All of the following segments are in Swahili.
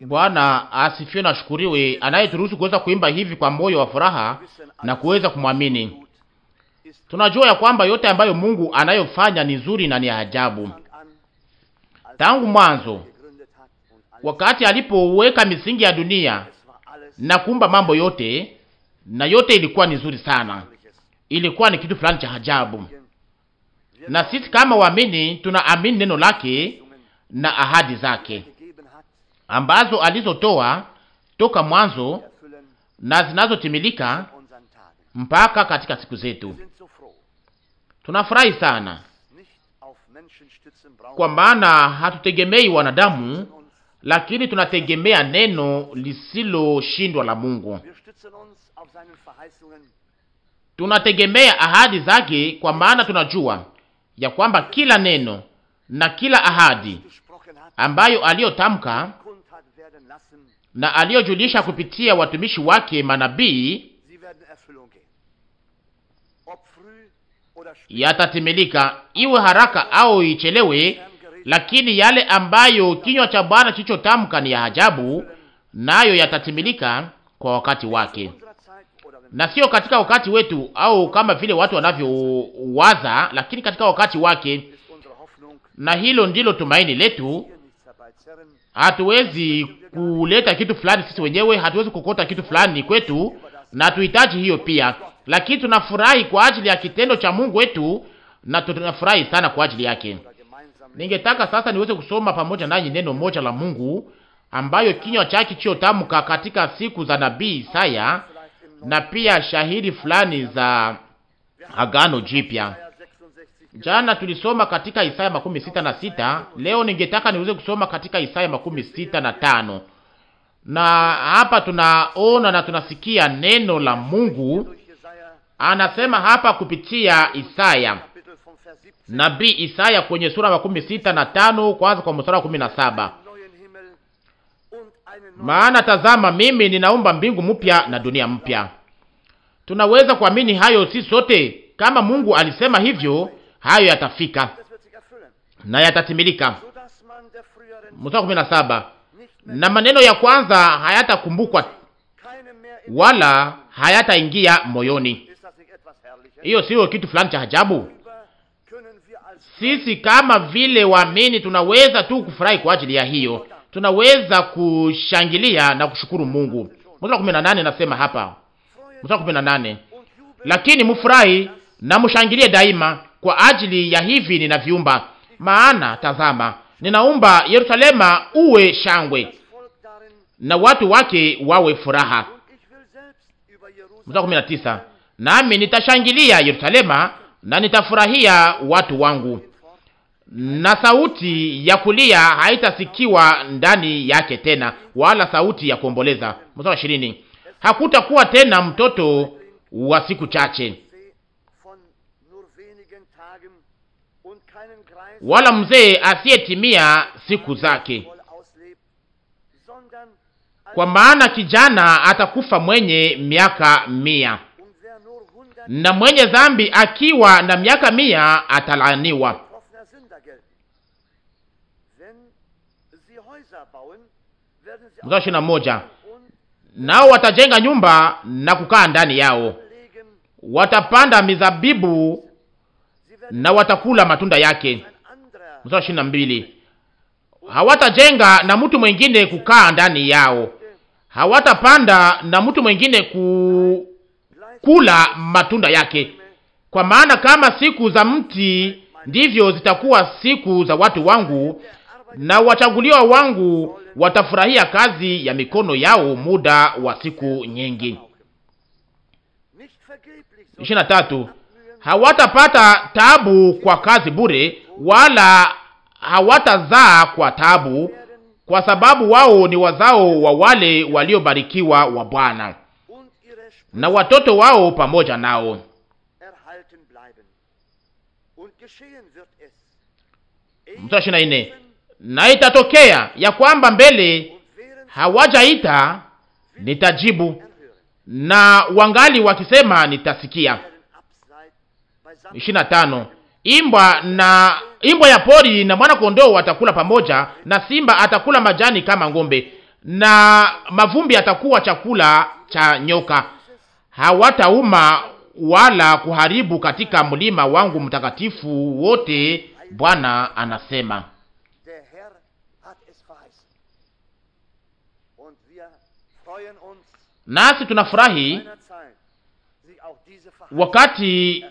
Bwana asifiwe na shukuriwe, anayeturuhusu kuweza kuimba hivi kwa moyo wa furaha na kuweza kumwamini. Tunajua ya kwamba yote ambayo Mungu anayofanya ni nzuri na ni ajabu. Tangu mwanzo, wakati alipoweka misingi ya dunia na kuumba mambo yote, na yote ilikuwa ni nzuri sana, ilikuwa ni kitu fulani cha ajabu na sisi kama waamini tunaamini neno lake na ahadi zake ambazo alizotoa toka mwanzo na zinazotimilika mpaka katika siku zetu. Tunafurahi sana kwa maana hatutegemei wanadamu, lakini tunategemea neno lisiloshindwa la Mungu. Tunategemea ahadi zake, kwa maana tunajua ya kwamba kila neno na kila ahadi ambayo aliyotamka na aliyojulisha kupitia watumishi wake manabii yatatimilika, iwe haraka au ichelewe. Lakini yale ambayo kinywa cha Bwana kilichotamka ni ya ajabu, nayo yatatimilika kwa wakati wake na sio katika wakati wetu au kama vile watu wanavyowaza, lakini katika wakati wake, na hilo ndilo tumaini letu. Hatuwezi kuleta kitu fulani sisi wenyewe, hatuwezi kukota kitu fulani kwetu, na tuhitaji hiyo pia, lakini tunafurahi kwa ajili ya kitendo cha Mungu wetu, na tunafurahi sana kwa ajili yake. Ningetaka sasa niweze kusoma pamoja nanyi neno moja la Mungu ambayo kinywa chake chio katika siku za nabii Isaya na pia shahidi fulani za Agano Jipya. Jana tulisoma katika Isaya makumi sita na sita. Leo ningetaka niweze kusoma katika Isaya makumi sita na tano na hapa tunaona na tunasikia neno la Mungu anasema hapa kupitia Isaya nabii Isaya kwenye sura makumi sita na tano kwanza kwa mstari wa kumi na saba maana tazama, mimi ninaumba mbingu mpya na dunia mpya. Tunaweza kuamini hayo si sote, kama Mungu alisema hivyo, hayo yatafika na yatatimilika. Mstari kumi na saba, na maneno ya kwanza hayatakumbukwa wala hayataingia moyoni. Hiyo sio kitu fulani cha ajabu? Sisi kama vile waamini tunaweza tu kufurahi kwa ajili ya hiyo tunaweza kushangilia na kushukuru Mungu. Mstari 18 nasema hapa, mstari 18, lakini mfurahi na mshangilie daima kwa ajili ya hivi ninaviumba, maana tazama, ninaumba Yerusalema uwe shangwe na watu wake wawe furaha. Mstari 19, nami nitashangilia Yerusalema na nitafurahia watu wangu na sauti ya kulia haitasikiwa ndani yake tena, wala sauti ya kuomboleza. Mstari wa ishirini, hakutakuwa tena mtoto wa siku chache wala mzee asiyetimia siku zake, kwa maana kijana atakufa mwenye miaka mia, na mwenye dhambi akiwa na miaka mia atalaaniwa. mstari ishirini na moja nao watajenga nyumba na kukaa ndani yao, watapanda mizabibu na watakula matunda yake. Mstari ishirini na mbili hawatajenga na mtu mwengine kukaa ndani yao, hawatapanda na mtu mwengine kukula matunda yake, kwa maana kama siku za mti ndivyo zitakuwa siku za watu wangu na wachaguliwa wangu watafurahia kazi ya mikono yao muda wa siku nyingi. ishirini na tatu. Hawatapata tabu kwa kazi bure, wala hawatazaa kwa tabu, kwa sababu wao ni wazao wa wale waliobarikiwa wa Bwana, na watoto wao pamoja nao Mstari ishirini na nne na itatokea ya kwamba mbele hawajaita nitajibu, na wangali wakisema nitasikia. ishirini na tano imbwa na imbwa ya pori na mwana kondoo atakula pamoja, na simba atakula majani kama ng'ombe, na mavumbi atakuwa chakula cha nyoka. Hawatauma wala kuharibu katika mlima wangu mtakatifu wote, Bwana anasema. nasi tunafurahi wakati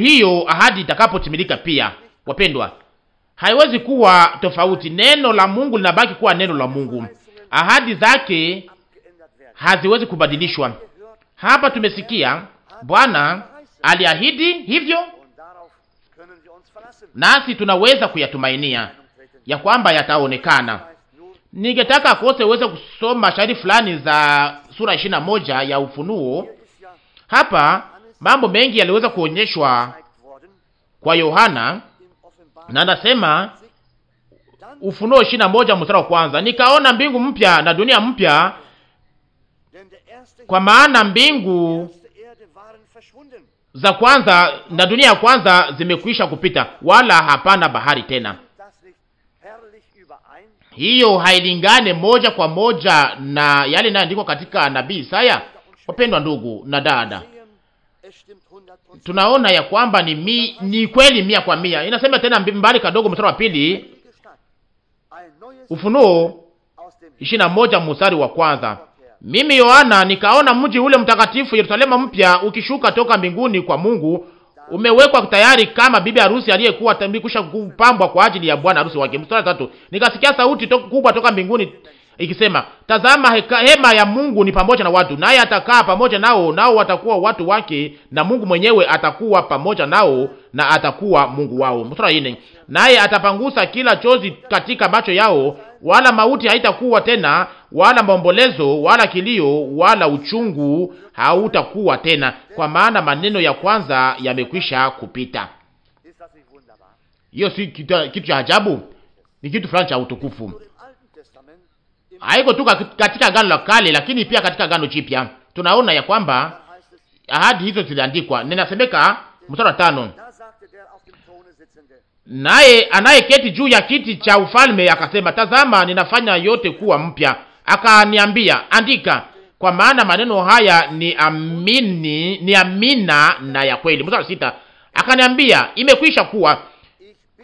hiyo ahadi itakapotimilika. Pia wapendwa, haiwezi kuwa tofauti. Neno la Mungu linabaki kuwa neno la Mungu, ahadi zake haziwezi kubadilishwa. Hapa tumesikia Bwana aliahidi hivyo, nasi tunaweza kuyatumainia ya kwamba yataonekana Ningetaka kose uweze kusoma shahidi fulani za sura ishirini na moja ya Ufunuo. Hapa mambo mengi yaliweza kuonyeshwa kwa Yohana, na nasema Ufunuo ishirini na moja mstari wa kwanza, nikaona mbingu mpya na dunia mpya, kwa maana mbingu za kwanza na dunia ya kwanza zimekwisha kupita, wala hapana bahari tena hiyo hailingane moja kwa moja na yale inayoandikwa katika nabii Isaya. Wapendwa ndugu na dada, tunaona ya kwamba ni, mi, ni kweli mia kwa mia. Inasema tena mbali kadogo, mstari wa pili, Ufunuo ishirini na moja mstari wa kwanza mimi Yohana nikaona mji ule mtakatifu Yerusalema mpya ukishuka toka mbinguni kwa Mungu umewekwa tayari kama bibi harusi aliyekuwa tambikusha kusha kupambwa kwa ajili ya bwana harusi wake. Mstari tatu, nikasikia sauti to, kubwa toka mbinguni ikisema, tazama heka, hema ya Mungu ni pamoja na watu, naye atakaa pamoja nao, nao watakuwa watu wake, na Mungu mwenyewe atakuwa pamoja nao na atakuwa Mungu wao. Mstari nne, naye atapangusa kila chozi katika macho yao, wala mauti haitakuwa tena, wala maombolezo, wala kilio, wala uchungu hautakuwa tena, kwa maana maneno ya kwanza yamekwisha kupita. Hiyo si kitu cha ajabu, ni kitu fulani cha utukufu haiko tu katika Agano la Kale, lakini pia katika Agano Jipya tunaona ya kwamba ahadi hizo ziliandikwa. Ninasemeka mstari wa tano, naye anayeketi juu ya kiti cha ufalme akasema, tazama, ninafanya yote kuwa mpya. Akaniambia, andika, kwa maana maneno haya ni amini, ni amina na ya kweli. Mstari wa sita, akaniambia, imekwisha kuwa,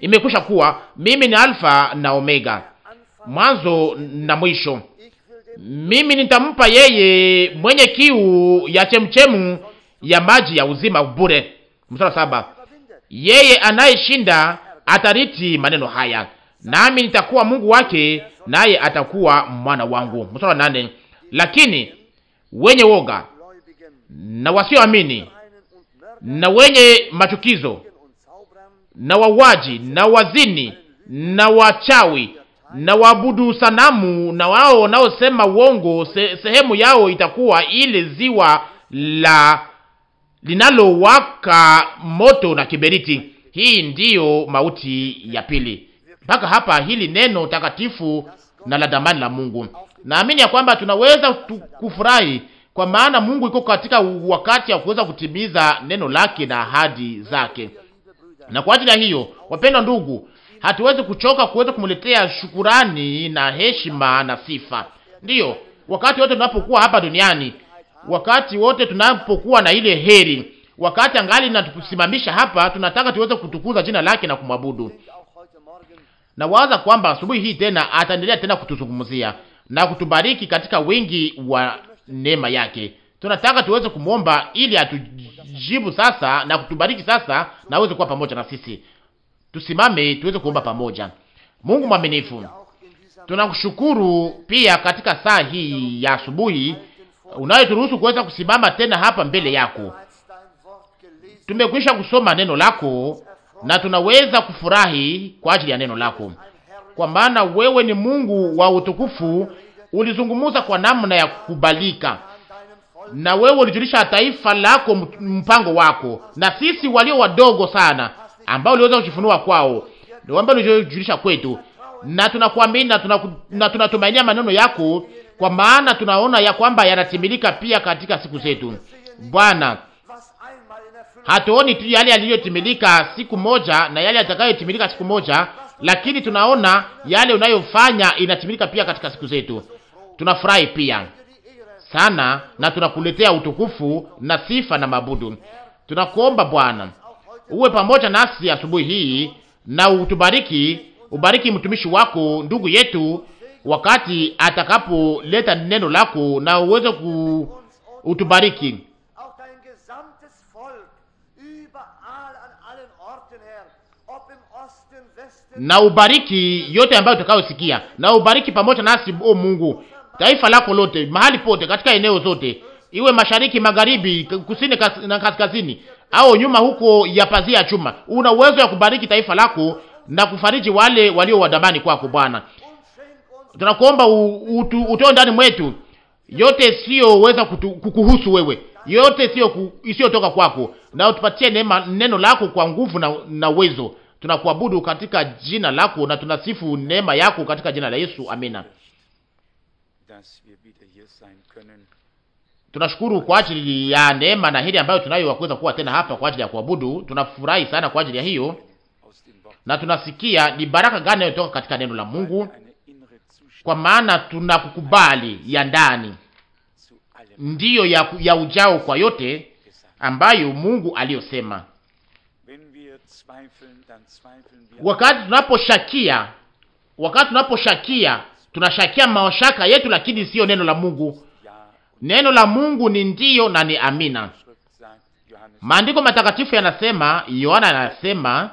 imekwisha kuwa. Mimi ni Alfa na Omega, mwanzo na mwisho. Mimi nitampa yeye mwenye kiu ya chemchemu ya maji ya uzima bure. Mstari saba, yeye anayeshinda atariti maneno haya, nami nitakuwa Mungu wake, naye atakuwa mwana wangu. Mstari nane, lakini wenye woga na wasioamini na wenye machukizo na wawaji na wazini na wachawi na waabudu sanamu na wao wanaosema uongo se, sehemu yao itakuwa ile ziwa la linalowaka moto na kiberiti. Hii ndiyo mauti ya pili. Mpaka hapa hili neno takatifu na la damani la Mungu. Naamini ya kwamba tunaweza kufurahi kwa maana Mungu iko katika wakati wa kuweza kutimiza neno lake na ahadi zake. Na kwa ajili ya hiyo, wapendwa ndugu, hatuwezi kuchoka kuweza kumletea shukurani na heshima na sifa. Ndiyo, wakati wote tunapokuwa hapa duniani, wakati wote tunapokuwa na ile heri, wakati angali natukusimamisha hapa, tunataka tuweze kutukuza jina lake na kumwabudu. Nawaza kwamba asubuhi hii tena ataendelea tena kutuzungumzia na kutubariki katika wingi wa neema yake. Tunataka tuweze kumwomba ili atujibu sasa na kutubariki sasa na aweze kuwa pamoja na sisi. Tusimame tuweze kuomba pamoja. Mungu mwaminifu, tunakushukuru pia katika saa hii ya asubuhi unayoturuhusu kuweza kusimama tena hapa mbele yako. Tumekwisha kusoma neno lako na tunaweza kufurahi kwa ajili ya neno lako, kwa maana wewe ni Mungu wa utukufu. Ulizungumuza kwa namna ya kukubalika, na wewe ulijulisha taifa lako mpango wako, na sisi walio wadogo sana ambao uliweza kujifunua kwao, ndio ambao ulijulisha kwetu, na tunakuamini na tuna, na tunatumainia maneno yako, kwa maana tunaona ya kwamba yanatimilika pia katika siku zetu Bwana. Hatuoni tu yale yaliyotimilika siku moja na yale yatakayotimilika siku moja, lakini tunaona yale unayofanya inatimilika pia katika siku zetu. Tunafurahi pia sana na tunakuletea utukufu na sifa na mabudu. Tunakuomba Bwana uwe pamoja nasi asubuhi hii na utubariki, ubariki mtumishi wako ndugu yetu wakati atakapoleta neno lako, na uweze ku utubariki na ubariki yote ambayo utakayosikia, na ubariki pamoja nasi o Mungu, taifa lako lote mahali pote, katika eneo zote, iwe mashariki, magharibi, kusini na kaskazini, au nyuma huko ya pazia ya chuma. Una uwezo wa kubariki taifa lako na kufariji wale walio wadamani kwako. Bwana, tunakuomba utoe ndani mwetu yote siyoweza kukuhusu wewe, yote sio isiyotoka kwako, na utupatie neema neno lako kwa nguvu na uwezo. Tunakuabudu katika jina lako na tunasifu neema yako katika jina la Yesu, amina. Tunashukuru kwa ajili ya neema na hili ambayo tunayo kuweza kuwa tena hapa kwa ajili ya kuabudu. Tunafurahi sana kwa ajili ya hiyo, na tunasikia ni baraka gani inayotoka katika neno la Mungu, kwa maana tunakukubali ya ndani ndiyo ya, ya ujao kwa yote ambayo Mungu aliyosema. Wakati tunaposhakia wakati tunaposhakia tunashakia mashaka yetu, lakini siyo neno la Mungu Neno la Mungu ni ndiyo na ni amina. Maandiko matakatifu yanasema, Yohana anasema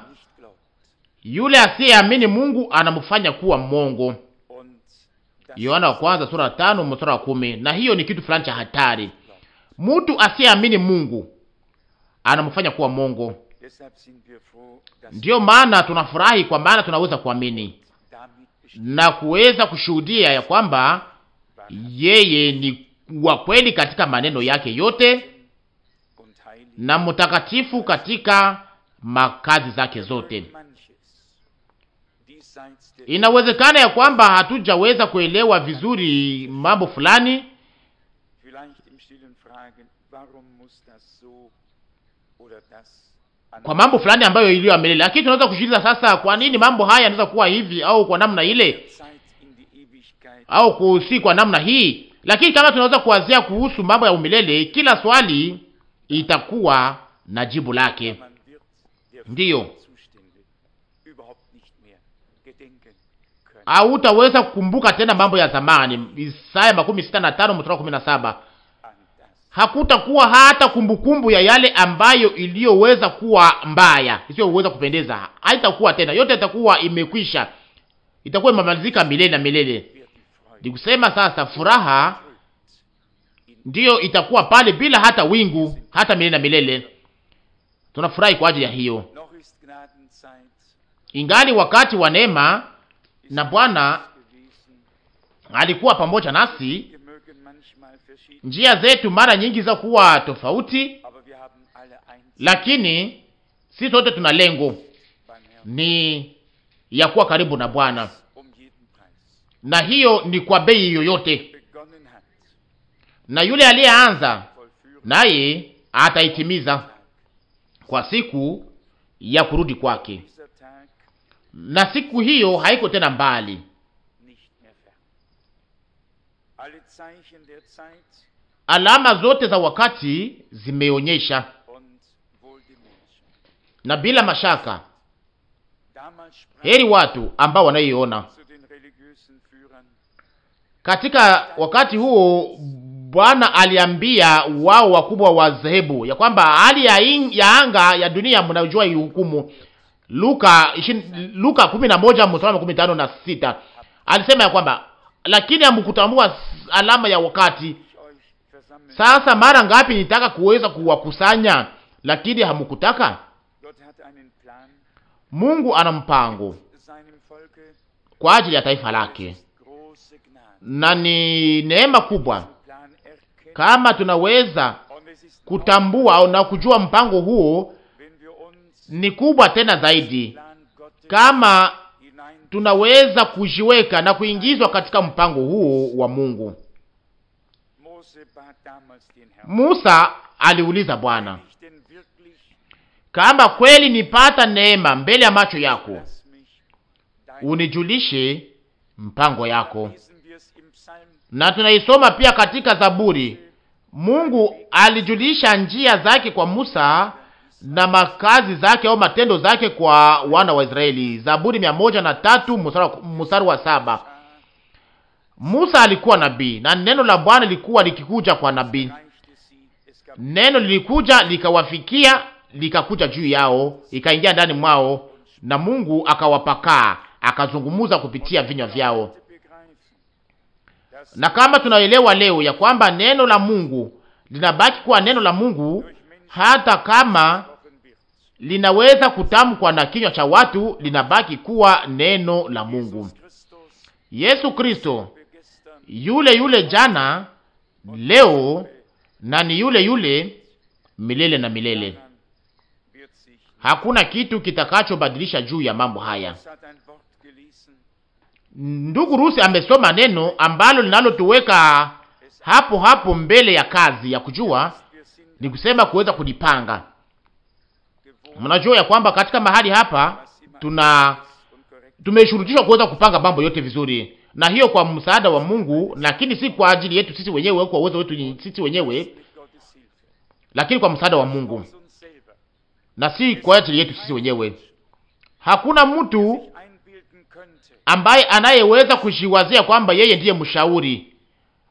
yule asiyeamini Mungu anamfanya kuwa mwongo, Yohana wa kwanza sura tano mstari wa kumi. Na hiyo ni kitu fulani cha hatari. Mtu asiyeamini Mungu anamfanya kuwa mwongo. Ndiyo maana tunafurahi kwa maana tunaweza kuamini na kuweza kushuhudia ya kwamba yeye ni wa kweli katika maneno yake yote na mtakatifu katika makazi zake zote. Inawezekana ya kwamba hatujaweza kuelewa vizuri mambo fulani, kwa mambo fulani ambayo iliyo amelele, lakini tunaweza kujiuliza sasa, kwa nini mambo haya yanaweza kuwa hivi au kwa namna ile au kusi kwa namna hii lakini kama tunaweza kuwazia kuhusu mambo ya umilele, kila swali itakuwa na jibu lake. Ndiyo, hautaweza kukumbuka tena mambo ya zamani. Isaya makumi sita na tano mstari kumi na saba. Hakutakuwa hata kumbukumbu ya yale ambayo iliyoweza kuwa mbaya, isiyoweza kupendeza, haitakuwa tena. Yote itakuwa imekwisha, itakuwa imemalizika milele na milele. Ni kusema sasa furaha ndiyo itakuwa pale bila hata wingu hata milele na milele. Tunafurahi kwa ajili ya hiyo, ingali wakati wa neema, na Bwana alikuwa pamoja nasi. Njia zetu mara nyingi za kuwa tofauti, lakini sisi sote tuna lengo, ni ya kuwa karibu na Bwana na hiyo ni kwa bei yoyote, na yule aliyeanza naye ataitimiza kwa siku ya kurudi kwake, na siku hiyo haiko tena mbali. Alama zote za wakati zimeonyesha, na bila mashaka heri watu ambao wanaiona katika wakati huo Bwana aliambia wao wakubwa wa dhehebu ya kwamba hali ya, ya anga ya dunia mnajua ihukumu. Luka Luka 11 mstari 15 na 6 alisema ya kwamba lakini hamkutambua alama ya wakati. Sasa mara ngapi nitaka kuweza kuwakusanya, lakini hamkutaka. Mungu ana mpango kwa ajili ya taifa lake, na ni neema kubwa kama tunaweza kutambua na kujua mpango huo ni kubwa tena zaidi, kama tunaweza kujiweka na kuingizwa katika mpango huo wa Mungu. Musa aliuliza Bwana, kama kweli nipata neema mbele ya macho yako unijulishe mpango yako. Na tunaisoma pia katika Zaburi, Mungu alijulisha njia zake kwa Musa na makazi zake au matendo zake kwa wana wa Israeli. Zaburi mia moja na tatu mstari wa saba. Musa alikuwa nabii na neno la Bwana lilikuwa likikuja kwa nabii. Neno lilikuja likawafikia, likakuja juu yao, ikaingia ndani mwao, na Mungu akawapakaa akazungumuza kupitia vinywa vyao. Na kama tunaelewa leo ya kwamba neno la Mungu linabaki kuwa neno la Mungu hata kama linaweza kutamkwa na kinywa cha watu, linabaki kuwa neno la Mungu. Yesu Kristo yule yule jana, leo na ni yule yule milele na milele. Hakuna kitu kitakachobadilisha juu ya mambo haya. Ndugu Rusi amesoma neno ambalo linalotuweka hapo hapo mbele ya kazi ya kujua, ni kusema kuweza kujipanga. Mnajua ya kwamba katika mahali hapa tuna tumeshurutishwa kuweza kupanga mambo yote vizuri, na hiyo kwa msaada wa Mungu, lakini si kwa ajili yetu sisi wenyewe, kwa uwezo wetu sisi wenyewe, lakini kwa msaada wa Mungu na si kwa ajili yetu sisi wenyewe. Hakuna mtu ambaye anayeweza kujiwazia kwamba yeye ndiye mshauri,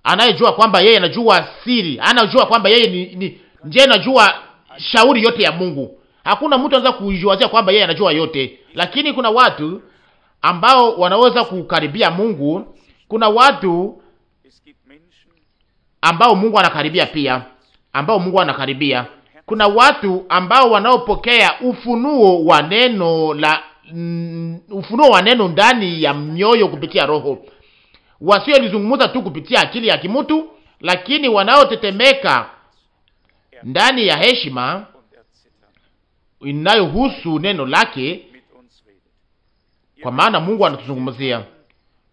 anayejua kwamba yeye anajua siri, anajua kwamba yeye ni, ni ndiye anajua shauri yote ya Mungu. Hakuna mtu anaweza kujiwazia kwamba yeye anajua yote, lakini kuna watu ambao wanaweza kukaribia Mungu. Kuna watu ambao Mungu anakaribia pia, ambao Mungu anakaribia. Kuna watu ambao wanaopokea ufunuo wa neno la mm, ufunuo wa neno ndani ya mioyo kupitia Roho, wasiolizungumza tu kupitia akili ya kimutu, lakini wanaotetemeka ndani ya heshima inayohusu neno lake, kwa maana Mungu anatuzungumzia.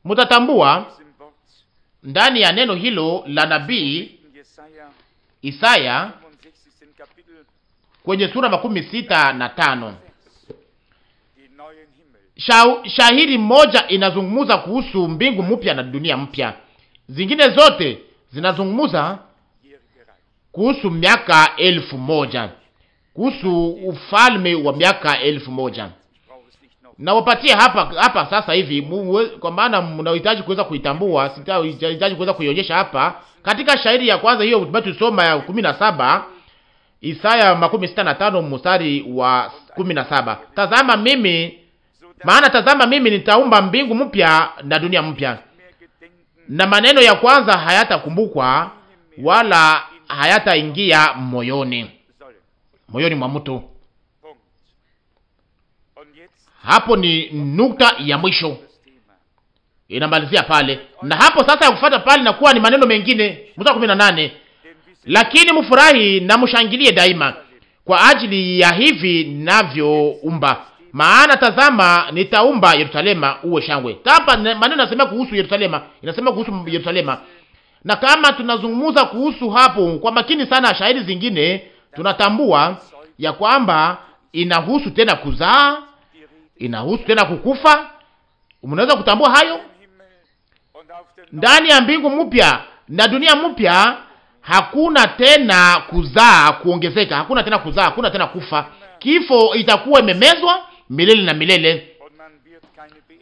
Mutatambua ndani ya neno hilo la nabii Isaya kwenye sura makumi sita na tano shahiri moja inazungumza kuhusu mbingu mpya na dunia mpya, zingine zote zinazungumza kuhusu miaka elfu moja kuhusu ufalme wa miaka elfu moja na wapatie hapa hapa sasa hivi, kwa maana mnahitaji kuweza kuitambua, sitahitaji kuweza kuionyesha hapa katika shairi ya kwanza hiyo tusoma ya saba Isaya makumi sita na tano mstari wa saba tazama mimi maana tazama, mimi nitaumba mbingu mpya na dunia mpya, na maneno ya kwanza hayatakumbukwa wala hayataingia moyoni moyoni mwa mtu. Hapo ni nukta ya mwisho, inamalizia pale, na hapo sasa ya kufuata pale na kuwa ni maneno mengine. Mstari kumi na nane, lakini mfurahi na mshangilie daima kwa ajili ya hivi navyoumba maana tazama, nitaumba Yerusalema uwe shangwe. Hapa maneno yanasema kuhusu Yerusalema, inasema kuhusu Yerusalema. Na kama tunazungumza kuhusu hapo kwa makini sana, shahidi zingine tunatambua ya kwamba inahusu tena kuzaa, inahusu tena kukufa. Mnaweza kutambua hayo ndani ya mbingu mpya na dunia mpya. Hakuna tena kuzaa, kuongezeka, hakuna tena kuzaa, hakuna tena kufa. Kifo itakuwa imemezwa milele na milele,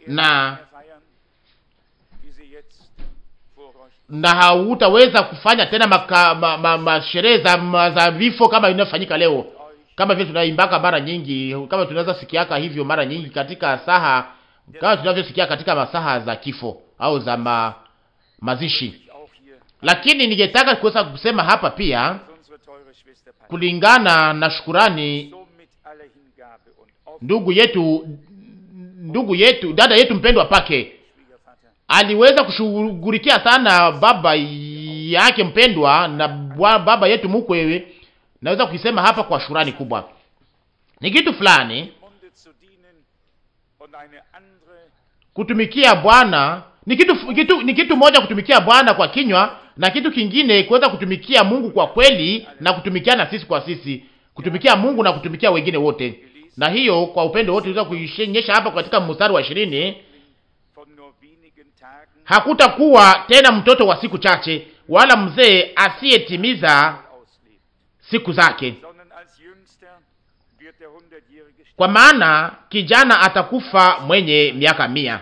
na na hautaweza kufanya tena masherehe ma, ma, ma, za vifo kama inayofanyika leo, kama vile tunaimbaka mara nyingi, kama tunaweza sikiaka hivyo mara nyingi katika saha, kama tunavyosikia katika masaha za kifo au za ma, mazishi. Lakini ningetaka kuweza kusema hapa pia kulingana na shukurani ndugu yetu, ndugu yetu, dada yetu mpendwa Pake aliweza kushughulikia sana baba yake mpendwa na baba yetu mkwe. Naweza kuisema hapa kwa shurani kubwa, ni kitu fulani kutumikia Bwana ni kitu, kitu, ni kitu moja kutumikia Bwana kwa kinywa na kitu kingine kuweza kutumikia Mungu kwa kweli na kutumikiana sisi kwa sisi, kutumikia Mungu na kutumikia wengine wote na hiyo kwa upendo wote tuweza kuionyesha hapa katika mstari wa ishirini. Hakutakuwa tena mtoto wa siku chache wala mzee asiyetimiza siku zake, kwa maana kijana atakufa mwenye miaka mia.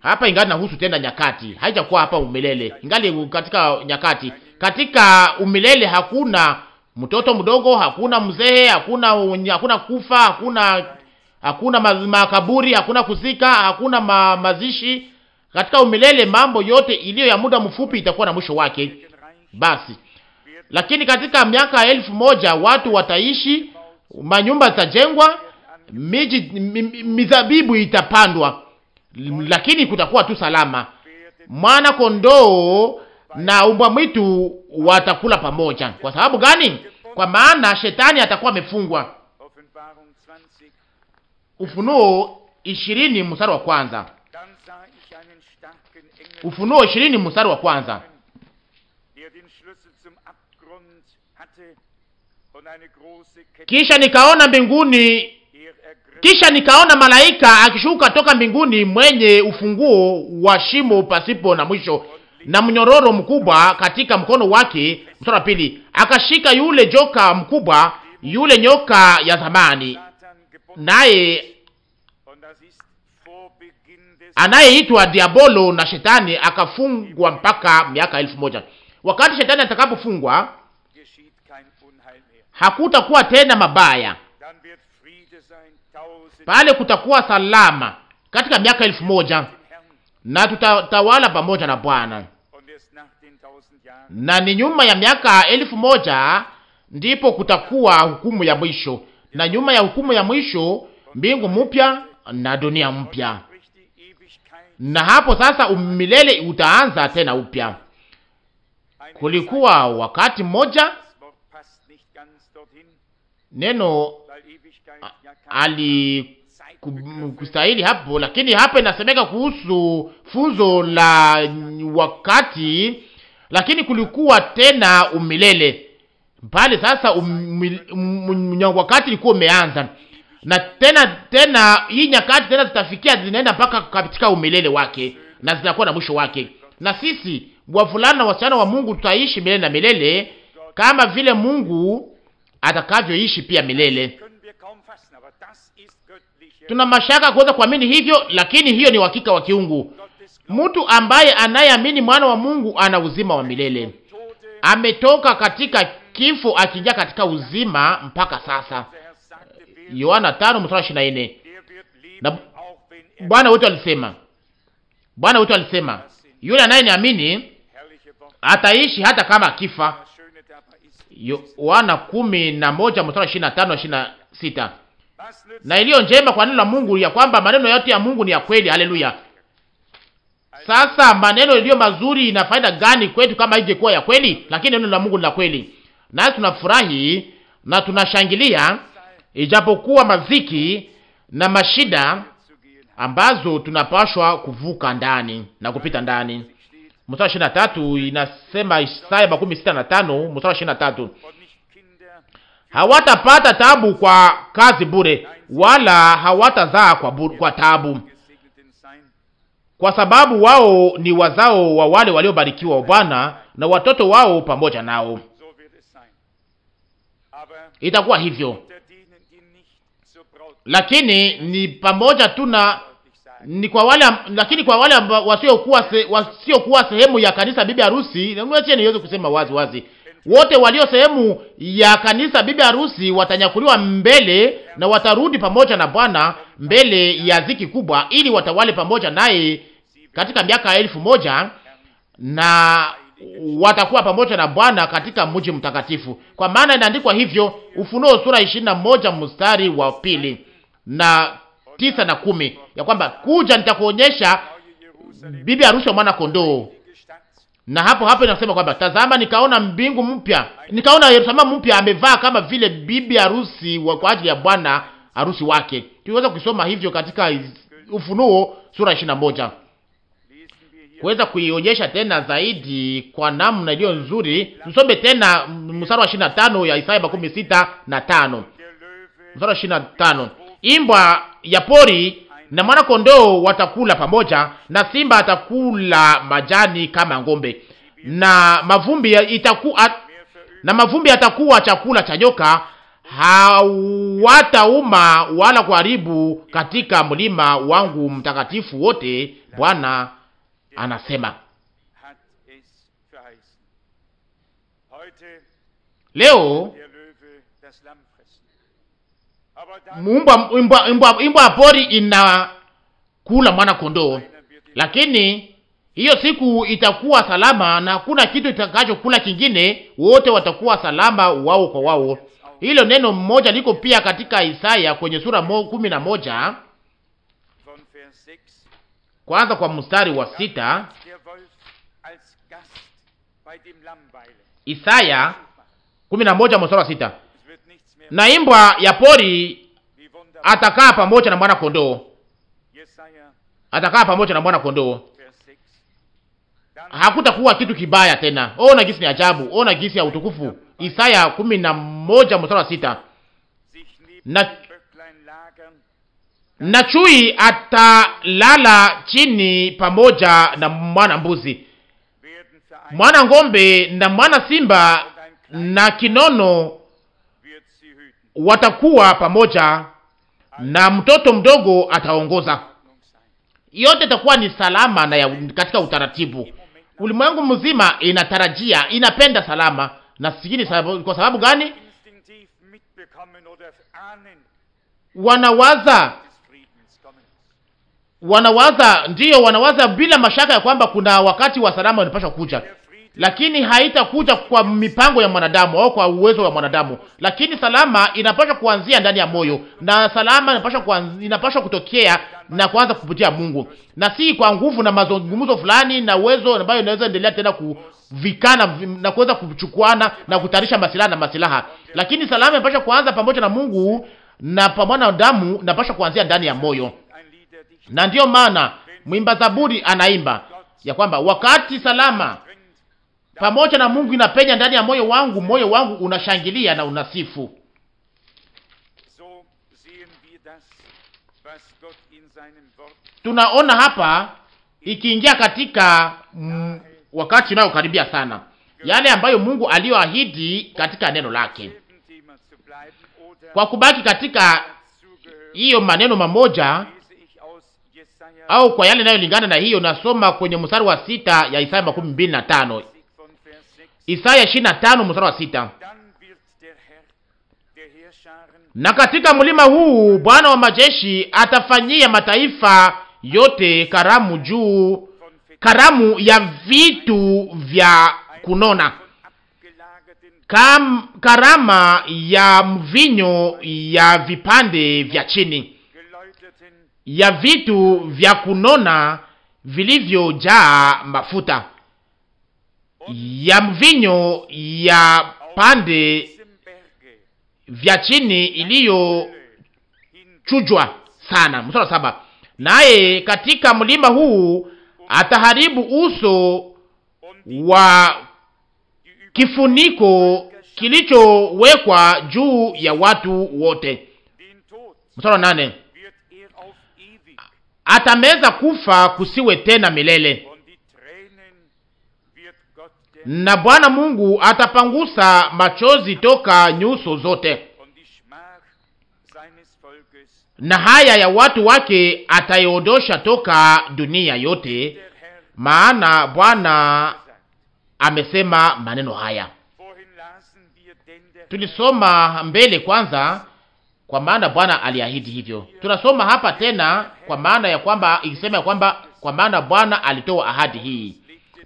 Hapa ingali nahusu tena nyakati, haijakuwa hapa umilele, ingali katika nyakati, katika umilele hakuna mtoto mdogo, hakuna mzee, hakuna hakuna kufa, hakuna hakuna makaburi, hakuna kuzika, hakuna ma, mazishi katika umilele. Mambo yote iliyo ya muda mfupi itakuwa na mwisho wake. Basi lakini katika miaka elfu moja watu wataishi, manyumba zitajengwa, miji mizabibu itapandwa, lakini kutakuwa tu salama. Mwana kondoo na umbwa mwitu watakula pamoja. Kwa sababu gani? Kwa maana shetani atakuwa amefungwa. Ufunuo ishirini mstari wa kwanza. Ufunuo ishirini mstari wa kwanza. Kisha nikaona mbinguni, kisha nikaona malaika akishuka toka mbinguni mwenye ufunguo wa shimo pasipo na mwisho na mnyororo mkubwa katika mkono wake. Mstari wa pili, akashika yule joka mkubwa, yule nyoka ya zamani, naye anayeitwa Diabolo na Shetani, akafungwa mpaka miaka elfu moja. Wakati shetani atakapofungwa hakutakuwa tena mabaya pale, kutakuwa salama katika miaka elfu moja na tutatawala pamoja na Bwana na ni nyuma ya miaka elfu moja ndipo kutakuwa hukumu ya mwisho, na nyuma ya hukumu ya mwisho mbingu mpya na dunia mpya, na hapo sasa umilele utaanza tena upya. Kulikuwa wakati mmoja neno alikustahili hapo, lakini hapa inasemeka kuhusu funzo la wakati lakini kulikuwa tena umilele pale. Sasa nyakati um, um, likuwa umeanza na tena tena, hii nyakati tena zitafikia zinaenda mpaka katika umilele wake na zitakuwa na mwisho wake, na sisi wavulana na wasichana wa Mungu tutaishi milele na milele kama vile Mungu atakavyoishi pia milele. Tuna mashaka kuweza kuamini hivyo, lakini hiyo ni uhakika wa kiungu. Mtu ambaye anayeamini mwana wa Mungu ana uzima wa milele, ametoka katika kifo akija katika uzima mpaka sasa. Yohana 5:24. Bwana wetu alisema, Bwana wetu alisema, yule anayeniamini ataishi hata kama akifa. Yohana 11:25 26. Na iliyo njema kwa neno la Mungu ya kwamba maneno yote ya Mungu ni ya kweli. Haleluya. Sasa maneno yaliyo mazuri ina faida gani kwetu kama ingekuwa ya kweli? Lakini neno la Mungu ni la kweli, nasi tunafurahi na tunashangilia, ijapokuwa maziki na mashida ambazo tunapashwa kuvuka ndani na kupita ndani. Mstari ishirini na tatu inasema, Isaya makumi sita na tano mstari ishirini na tatu hawatapata tabu kwa kazi bure, wala hawatazaa kwa, kwa tabu kwa sababu wao ni wazao wa wale waliobarikiwa Bwana na watoto wao pamoja nao. Itakuwa hivyo, lakini ni pamoja tu na ni kwa wale lakini kwa wale wasiokuwa se, wasiokuwa sehemu ya kanisa bibi harusi, niweze niweze kusema wazi wazi, wote walio sehemu ya kanisa bibi harusi watanyakuliwa mbele na watarudi pamoja na Bwana mbele ya ziki kubwa, ili watawale pamoja naye katika miaka elfu moja na watakuwa pamoja na Bwana katika mji mtakatifu. Kwa maana inaandikwa hivyo, Ufunuo sura ishirini na moja mstari wa pili na tisa na kumi ya kwamba kuja, nitakuonyesha bibi harusi wa mwana kondoo na hapo hapo inasema kwamba tazama, nikaona mbingu mpya, nikaona Yerusalemu mpya, amevaa kama vile bibi harusi kwa ajili ya bwana harusi wake. tuweza kusoma hivyo katika Ufunuo sura 21. Kuweza kuionyesha tena zaidi kwa namna iliyo nzuri, tusome tena mstari wa 25 ya Isaya makumi sita na tano mstari wa 25, imbwa ya pori na mwana kondoo watakula pamoja, na simba atakula majani kama ng'ombe, na mavumbi itakuwa na mavumbi atakuwa chakula cha nyoka. Hawatauma wala kuharibu katika mlima wangu mtakatifu wote, Bwana anasema. Leo imba, imba, imba mbwa pori inakula mwana kondoo, lakini hiyo siku itakuwa salama na hakuna kitu itakachokula kingine, wote watakuwa salama wao kwa wao. Hilo neno mmoja liko pia katika Isaya kwenye sura kumi na moja kwanza kwa mstari wa sita. Isaya kumi na moja mstari wa sita na imbwa ya pori atakaa pamoja na mwana kondoo, atakaa pamoja na mwana kondoo, hakutakuwa kitu kibaya tena. Ona gisi ni ajabu, ona gisi ya utukufu. Isaya kumi na moja mstari wa sita na na chui atalala chini pamoja na mwana mbuzi, mwana ng'ombe na mwana simba na kinono watakuwa pamoja na mtoto mdogo ataongoza. Yote itakuwa ni salama na ya katika utaratibu. Ulimwengu mzima inatarajia, inapenda salama, na sijini sababu, kwa sababu gani wanawaza wanawaza, ndiyo wanawaza bila mashaka ya kwamba kuna wakati wa salama unapaswa kuja lakini haitakuja kwa mipango ya mwanadamu au kwa uwezo wa mwanadamu, lakini salama inapaswa kuanzia ndani ya moyo, na salama inapaswa kuanzia, inapaswa kutokea na kuanza kupitia Mungu, na si kwa nguvu na mazungumzo fulani na uwezo ambayo inaweza endelea tena kuvikana na kuweza kuchukuana na kutarisha masilaha na masilaha, lakini salama inapaswa kuanza pamoja na Mungu na pamoja na damu, inapaswa kuanzia ndani ya moyo, na ndiyo maana mwimba Zaburi anaimba ya kwamba wakati salama pamoja na Mungu inapenya ndani ya moyo wangu, moyo wangu unashangilia na unasifu. Tunaona hapa ikiingia katika mm, wakati unayokaribia sana, yale ambayo Mungu aliyoahidi katika neno lake. Kwa kubaki katika hiyo maneno mamoja au kwa yale inayolingana na hiyo, nasoma kwenye mstari wa sita ya Isaya makumi mbili na tano Isaya 25 mstari wa sita. Na katika mlima huu Bwana wa majeshi atafanyia mataifa yote karamu juu, karamu ya vitu vya kunona Kam, karama ya mvinyo ya vipande vya chini ya vitu vya kunona vilivyojaa mafuta ya mvinyo ya pande vya chini iliyochujwa sana. Mstari saba, naye katika mlima huu ataharibu uso wa kifuniko kilichowekwa juu ya watu wote. Mstari nane, atameza kufa kusiwe tena milele na Bwana Mungu atapangusa machozi toka nyuso zote, na haya ya watu wake ataiondosha toka dunia yote, maana Bwana amesema maneno haya. Tulisoma mbele kwanza, kwa maana Bwana aliahidi hivyo. Tunasoma hapa tena, kwa maana ya kwamba ikisema ya kwamba kwa maana Bwana alitoa ahadi hii.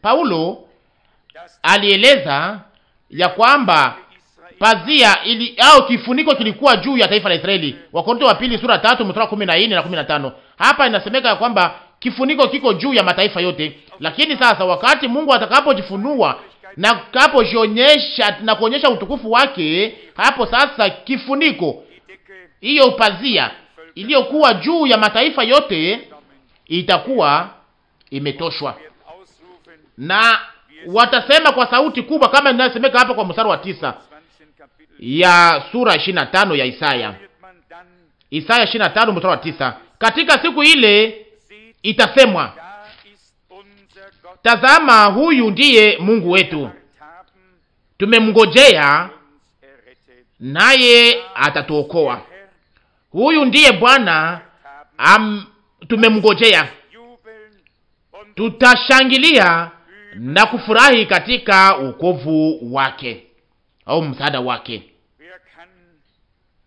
Paulo alieleza ya kwamba pazia ili au kifuniko kilikuwa juu ya taifa la Israeli. Wakorintho wa pili sura tatu mstari kumi na nne na kumi na tano. Hapa inasemeka ya kwamba kifuniko kiko juu ya mataifa yote, lakini sasa wakati Mungu atakapojifunua na kapojionyesha na kuonyesha utukufu wake, hapo sasa kifuniko hiyo pazia iliyokuwa juu ya mataifa yote itakuwa imetoshwa na watasema kwa sauti kubwa kama inayosemeka hapa kwa mstari wa tisa ya sura 25 ya Isaya. Isaya 25 mstari wa tisa. Katika siku ile itasemwa, tazama, huyu ndiye Mungu wetu, tumemngojea naye atatuokoa. Huyu ndiye Bwana tumemngojea, tutashangilia na kufurahi katika ukovu wake au msaada wake.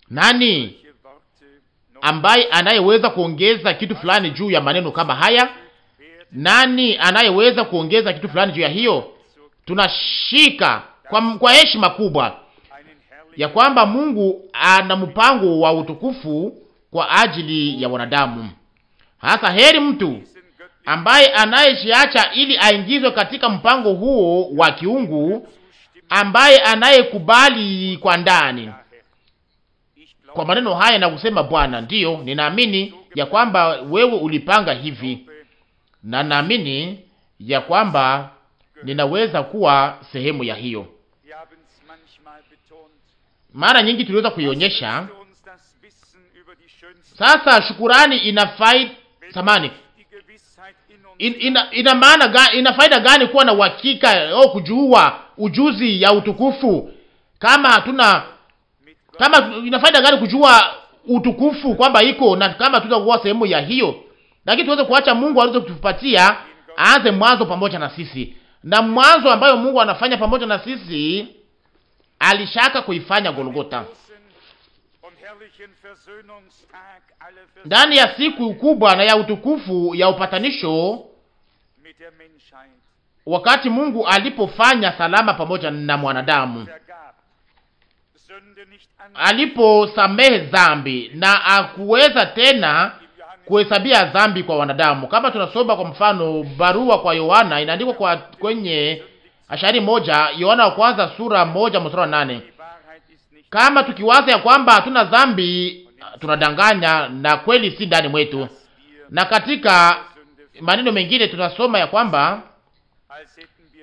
Nani ambaye anayeweza kuongeza kitu fulani juu ya maneno kama haya? Nani anayeweza kuongeza kitu fulani juu ya hiyo? Tunashika kwa, kwa heshima kubwa ya kwamba Mungu ana mpango wa utukufu kwa ajili ya wanadamu. Hasa heri mtu ambaye anayeshiacha ili aingizwe katika mpango huo wa kiungu, ambaye anayekubali kwa ndani kwa maneno haya na kusema, Bwana, ndiyo, ninaamini ya kwamba wewe ulipanga hivi, na naamini ya kwamba ninaweza kuwa sehemu ya hiyo. Mara nyingi tuliweza kuionyesha. Sasa shukurani ina faida samani, ina, ina maana gani, ina faida gani kuwa na uhakika au oh, kujua ujuzi ya utukufu kama hatuna kama ina faida gani kujua utukufu kwamba iko na kama tutakuwa sehemu ya hiyo, lakini tuweze kuacha Mungu aweze kutupatia aanze mwanzo pamoja na sisi, na mwanzo ambayo Mungu anafanya pamoja na sisi alishaka kuifanya Golgota ndani ya siku kubwa na ya utukufu ya upatanisho wakati Mungu alipofanya salama pamoja na mwanadamu, aliposamehe dhambi na akuweza tena kuhesabia dhambi kwa wanadamu, kama tunasoma kwa mfano barua kwa Yohana inaandikwa kwa kwenye ashari moja, Yohana wa kwanza sura moja mstari wa nane. Kama tukiwaza ya kwamba hatuna zambi, tunadanganya na kweli si ndani mwetu, na katika maneno mengine tunasoma ya kwamba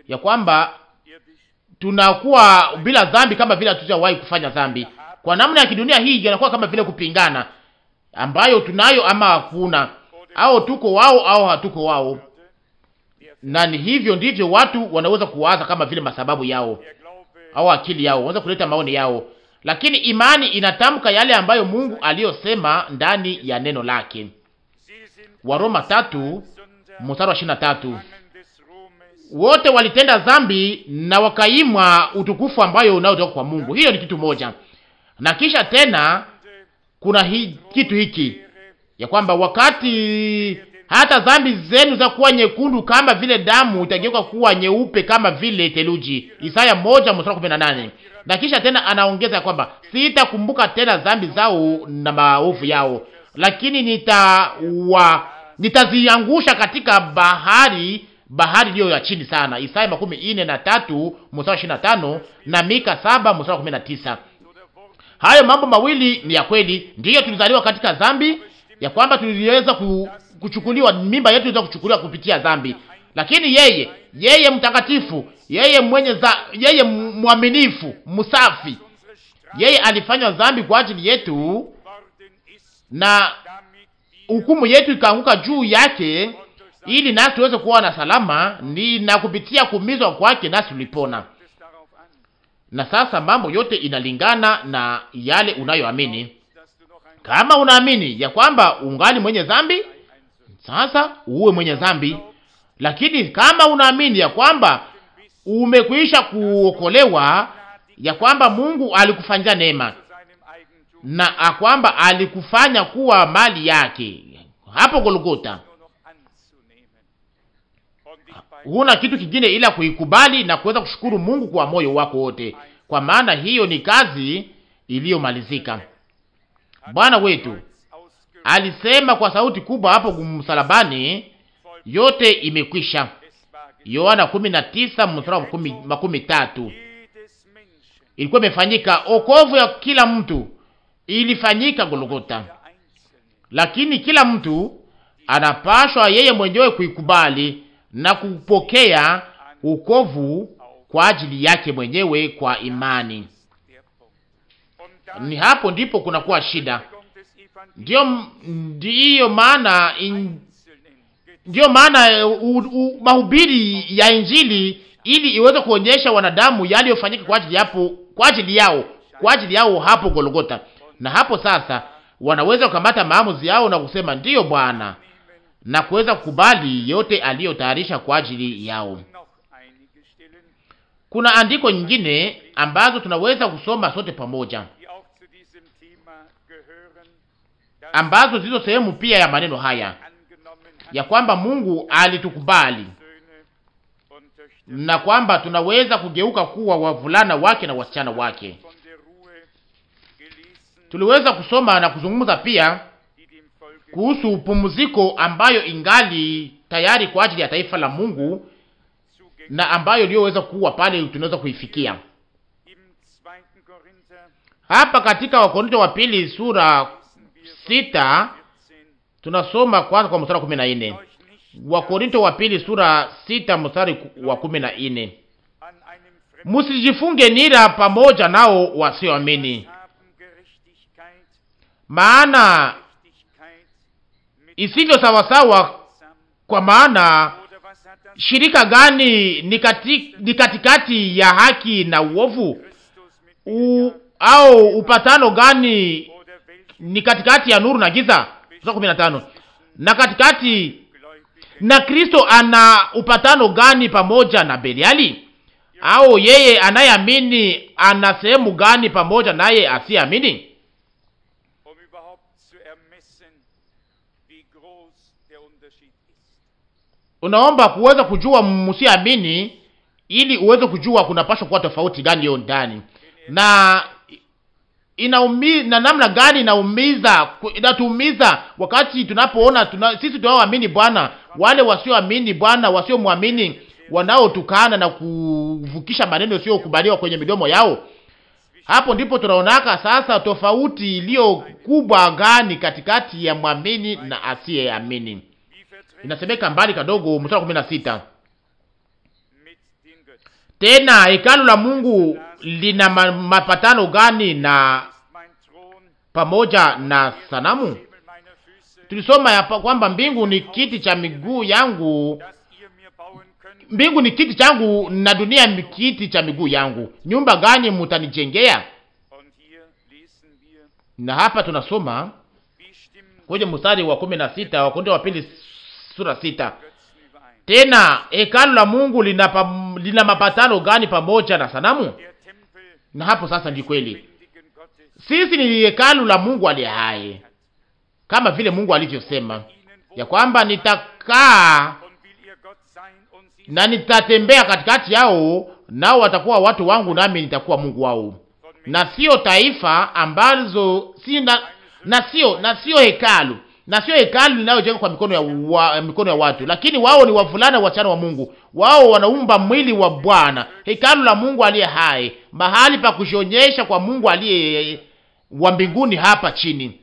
ya kwamba tunakuwa bila dhambi kama vile hatujawahi kufanya dhambi. Kwa namna ya kidunia hii inakuwa kama vile kupingana ambayo tunayo ama hakuna, au tuko wao au hatuko wao, na ni hivyo ndivyo watu wanaweza kuwaza kama vile masababu yao au akili yao, wanaweza kuleta maoni yao, lakini imani inatamka yale ambayo Mungu aliyosema ndani ya neno lake. Waroma tatu mstari wa ishirini na tatu wote walitenda dhambi na wakaimwa utukufu ambayo unayotoka kwa Mungu. Hiyo ni kitu moja, na kisha tena kuna hi, kitu hiki ya kwamba wakati hata dhambi zenu za kuwa nyekundu kama vile damu itageuka kuwa nyeupe kama vile theluji, Isaya moja mstari kumi na nane. Na kisha tena anaongeza ya kwamba sitakumbuka tena dhambi zao na maovu yao, lakini nitawa nitaziangusha katika bahari, bahari iliyo ya chini sana. Isaya makumi ine na tatu mstari ishirini na tano na Mika saba mstari kumi na tisa. Hayo mambo mawili ni ya kweli, ndiyo tulizaliwa katika dhambi, ya kwamba tuliweza kuchukuliwa, mimba yetu iliweza kuchukuliwa kupitia dhambi, lakini yeye yeye mtakatifu, yeye mwenye za, yeye mwaminifu, msafi, yeye alifanywa dhambi kwa ajili yetu na hukumu yetu ikaanguka juu yake, ili nasi tuweze kuwa na salama, ni na kupitia kuumizwa kwake nasi tulipona. Na sasa mambo yote inalingana na yale unayoamini. Kama unaamini ya kwamba ungali mwenye dhambi, sasa uwe mwenye dhambi. Lakini kama unaamini ya kwamba umekwisha kuokolewa, ya kwamba Mungu alikufanyia neema na kwamba alikufanya kuwa mali yake hapo Golgota. Huna kitu kingine ila kuikubali na kuweza kushukuru Mungu kwa moyo wako wote, kwa maana hiyo ni kazi iliyomalizika. Bwana wetu alisema kwa sauti kubwa hapo msalabani, yote imekwisha. Yohana 19 mstari wa makumi Ilikuwa imefanyika okovu ya kila mtu ilifanyika Golgota, lakini kila mtu anapashwa yeye mwenyewe kuikubali na kupokea ukovu kwa ajili yake mwenyewe kwa imani. Ni hapo ndipo kunakuwa shida. Ndiyo, ndiyo maana in, ndiyo maana mahubiri ya Injili ili iweze kuonyesha wanadamu yaliyofanyika kwa ajili yapo, kwa ajili yao, kwa ajili yao hapo Golgota na hapo sasa wanaweza kukamata maamuzi yao na kusema ndiyo Bwana, na kuweza kukubali yote aliyotayarisha kwa ajili yao. Kuna andiko nyingine ambazo tunaweza kusoma sote pamoja ambazo zizo sehemu pia ya maneno haya ya kwamba Mungu alitukubali na kwamba tunaweza kugeuka kuwa wavulana wake na wasichana wake tuliweza kusoma na kuzungumza pia kuhusu pumziko ambayo ingali tayari kwa ajili ya taifa la Mungu na ambayo iliyoweza kuwa pale tunaweza kuifikia hapa katika Wakorinto wa pili sura sita tunasoma kwanza kwa mstari wa kumi na nne. Wakorinto wa pili sura sita mstari wa kumi na nne, musijifunge nira pamoja nao wasioamini, maana isivyo sawasawa. Kwa maana shirika gani ni katikati ya haki na uovu u, au upatano gani ni katikati ya nuru na giza? kumi na tano. Na katikati na Kristo ana upatano gani pamoja na Beliali? Au yeye anayeamini ana sehemu gani pamoja naye asiyeamini? unaomba kuweza kujua msiamini, ili uweze kujua kunapashwa kuwa tofauti gani hiyo ndani na inaumi, na namna gani inaumiza, inatuumiza wakati tunapoona tuna, sisi tunaoamini Bwana wale wasioamini Bwana wasiomwamini wanaotukana na kuvukisha maneno yasiyokubaliwa kwenye midomo yao. Hapo ndipo tunaonaka sasa tofauti iliyo kubwa gani katikati ya mwamini na asiyeamini inasemeka mbali kadogo, mstari wa kumi na sita tena hekalu la Mungu lina mapatano gani na pamoja na sanamu? Tulisoma ya kwamba mbingu ni kiti cha miguu yangu, mbingu ni kiti changu na dunia ni kiti cha miguu yangu, nyumba gani mutanijengea? Na hapa tunasoma kwenye mstari wa kumi na sita Wakorintho wa pili sura sita. Tena hekalu la Mungu lina, pa, lina mapatano gani pamoja na sanamu? Na hapo sasa ni kweli sisi ni hekalu la Mungu aliye hai, kama vile Mungu alivyosema ya kwamba nitakaa na nitatembea katikati yao, nao watakuwa watu wangu, nami nitakuwa Mungu wao, na sio taifa ambazo si na, na sio na sio hekalu na sio hekalu linalojengwa kwa mikono ya, wa, mikono ya watu, lakini wao ni wavulana wasichana wa Mungu. Wao wanaumba mwili wa Bwana, hekalu la Mungu aliye hai, mahali pa kujionyesha kwa Mungu aliye wa mbinguni hapa chini.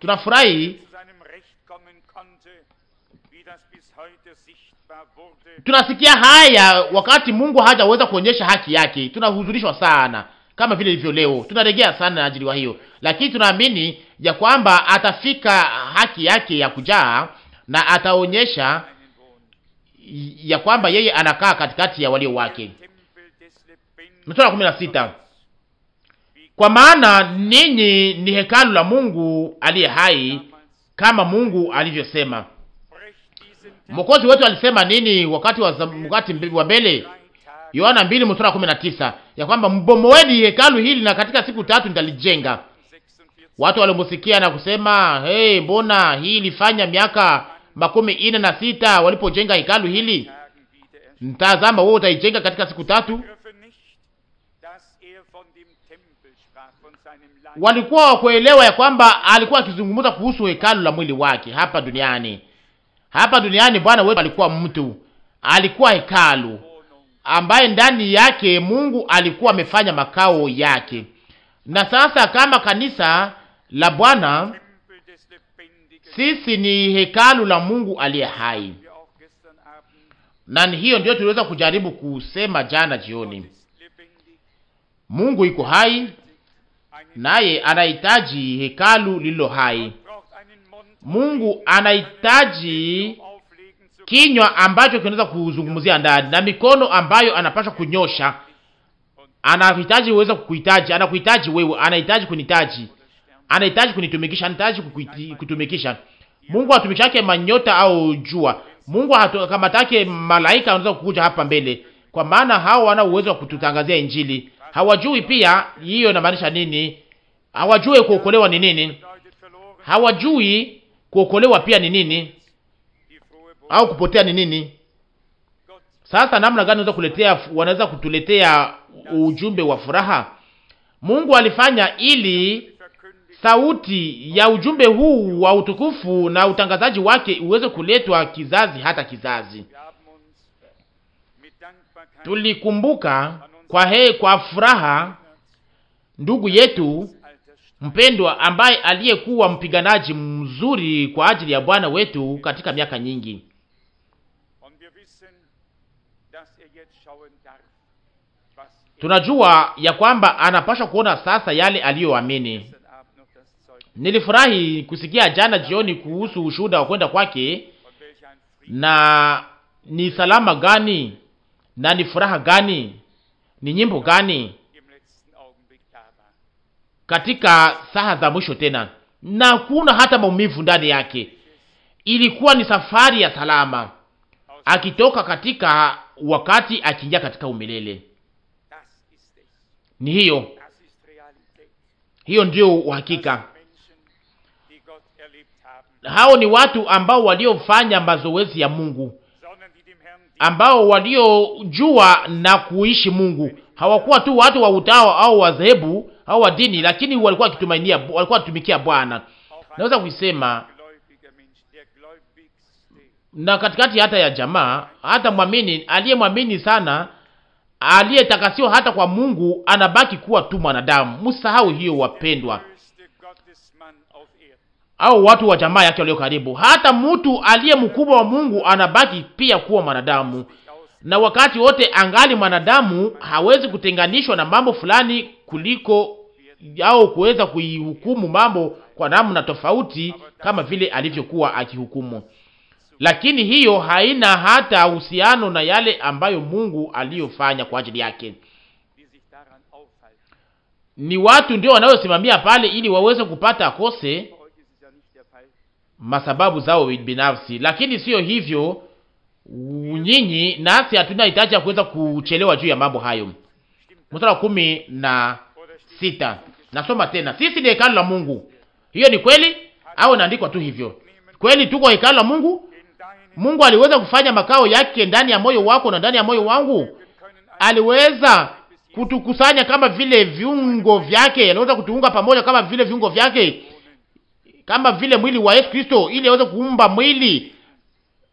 Tunafurahi, tunasikia haya wakati Mungu hajaweza kuonyesha haki yake, tunahuzunishwa sana kama vile ilivyo leo. tunaregea sana ajili wa hiyo, lakini tunaamini ya kwamba atafika haki yake ya kujaa na ataonyesha ya kwamba yeye anakaa katikati ya walio wake. Mstari kumi na sita kwa maana ninyi ni hekalu la Mungu aliye hai, kama Mungu alivyosema. Mwokozi wetu alisema nini wakati wa wakati wa mbele? Yohana 2 mstari wa 19 ya kwamba mbomoeni hekalu hili na katika siku tatu nitalijenga. Watu walimsikia na kusema hey, mbona hii ilifanya miaka makumi ine na sita walipojenga hekalu hili? Mtazama, wewe utaijenga katika siku tatu. Walikuwa wakuelewa ya kwamba alikuwa akizungumza kuhusu hekalu la mwili wake hapa duniani. Hapa duniani Bwana wetu alikuwa mtu, alikuwa hekalu ambaye ndani yake Mungu alikuwa amefanya makao yake. Na sasa kama kanisa la Bwana, sisi ni hekalu la Mungu aliye hai, na hiyo ndio tuliweza kujaribu kusema jana jioni. Mungu iko hai, naye anahitaji hekalu lililo hai. Mungu anahitaji kinywa ambacho kinaweza kuzungumzia ndani na mikono ambayo anapaswa kunyosha. Anahitaji uweza kukuhitaji, anakuhitaji wewe, anahitaji kunitaji, anahitaji kunitumikisha, anahitaji kutumikisha. Mungu atumikishake manyota au jua. Mungu hakamatake malaika anaweza kukuja hapa mbele, kwa maana hao wana uwezo wa kututangazia Injili. Hawajui pia hiyo inamaanisha nini, hawajui kuokolewa ni nini, hawajui kuokolewa pia ni nini au kupotea ni nini? Sasa namna gani wanaweza kuletea, wanaweza kutuletea ujumbe wa furaha? Mungu alifanya ili sauti ya ujumbe huu wa utukufu na utangazaji wake uweze kuletwa kizazi hata kizazi. Tulikumbuka kwa he, kwa furaha ndugu yetu mpendwa ambaye aliyekuwa mpiganaji mzuri kwa ajili ya Bwana wetu katika miaka nyingi. tunajua ya kwamba anapashwa kuona sasa yale aliyoamini. Nilifurahi kusikia jana jioni kuhusu ushuhuda wa kwenda kwake, na ni salama gani na ni furaha gani, ni nyimbo gani katika saha za mwisho tena, na kuna hata maumivu ndani yake. Ilikuwa ni safari ya salama, akitoka katika wakati akiingia katika umilele ni hiyo hiyo, ndio uhakika. Hao ni watu ambao waliofanya mazoezi ya Mungu, ambao waliojua na kuishi Mungu. Hawakuwa tu watu wa utawa au wadhehebu au wa dini, lakini walikuwa wakitumainia, walikuwa wakitumikia Bwana. Naweza kuisema na katikati hata ya jamaa, hata mwamini aliyemwamini sana aliyetakasiwa hata kwa Mungu anabaki kuwa tu mwanadamu. Msahau hiyo wapendwa, au watu wa jamaa yake walio karibu. Hata mtu aliye mkubwa wa Mungu anabaki pia kuwa mwanadamu, na wakati wote angali mwanadamu, hawezi kutenganishwa na mambo fulani kuliko au kuweza kuihukumu mambo kwa namna tofauti kama vile alivyokuwa akihukumu lakini hiyo haina hata uhusiano na yale ambayo Mungu aliyofanya kwa ajili yake. Ni watu ndio wanayosimamia pale ili waweze kupata kose masababu zao binafsi, lakini sio hivyo nyinyi nasi hatuna hitaji ya kuweza kuchelewa juu ya mambo hayo. Mstari wa kumi na sita nasoma tena, sisi ni hekalu la Mungu. Hiyo ni kweli au inaandikwa tu hivyo? Kweli tuko hekalu la Mungu, Mungu aliweza kufanya makao yake ndani ya moyo wako na ndani ya moyo wangu. Aliweza kutukusanya kama vile viungo vyake, aliweza kutuunga pamoja kama vile viungo vyake, kama vile mwili wa Yesu Kristo, ili aweze kuumba mwili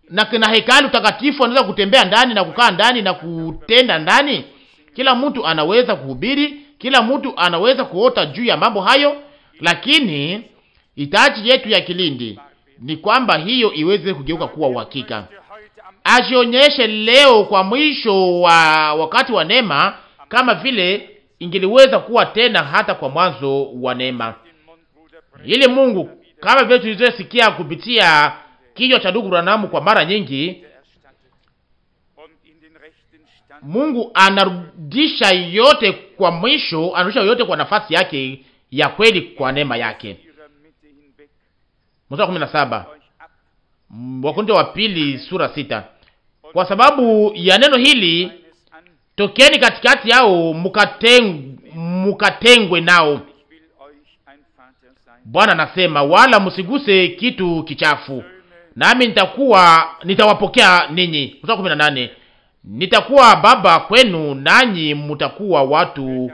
na kina hekalu takatifu, anaweza kutembea ndani na kukaa ndani na kutenda ndani. Kila mtu anaweza kuhubiri, kila mtu anaweza kuota juu ya mambo hayo, lakini itaji yetu ya kilindi ni kwamba hiyo iweze kugeuka kuwa uhakika. Ajionyeshe leo kwa mwisho wa wakati wa neema, kama vile ingeliweza kuwa tena hata kwa mwanzo wa neema ili Mungu, kama vile tulivyosikia kupitia kinywa cha ndugu Ranamu kwa mara nyingi, Mungu anarudisha yote kwa mwisho, anarudisha yote kwa nafasi yake ya kweli, kwa neema yake mstari wa 17 Wakorintho wa pili sura sita. Kwa sababu ya neno hili, tokeni katikati yao, mukatengwe, mukatengwe nao. Bwana nasema, wala msiguse kitu kichafu, nami nitakuwa nitawapokea ninyi. Mstari wa kumi na nane nitakuwa baba kwenu, nanyi mutakuwa watu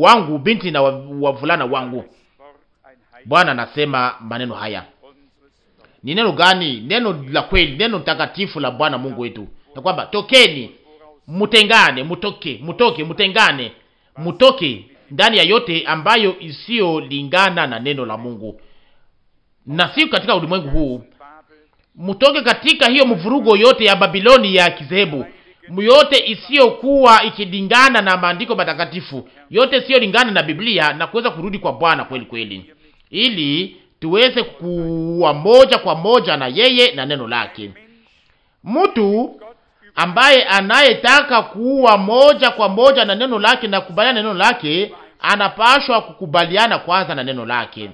wangu, binti na wavulana wangu. Bwana anasema maneno haya. Ni neno gani? Neno la kweli, neno takatifu la Bwana Mungu wetu, na kwamba tokeni, mutengane, mutoke, mutoke, mutengane, mutoke ndani ya yote ambayo isiyolingana na neno la Mungu, na si katika ulimwengu huu. Mutoke katika hiyo mvurugo yote ya Babiloni ya kizehebu yote isiyokuwa ikilingana na maandiko matakatifu, yote isiyolingana na Biblia na kuweza kurudi kwa Bwana kweli kweli ili tuweze kuwa moja kwa moja na yeye na neno lake. Mtu ambaye anayetaka kuwa moja kwa moja na neno lake na kukubaliana na neno lake anapashwa kukubaliana kwanza na neno lake.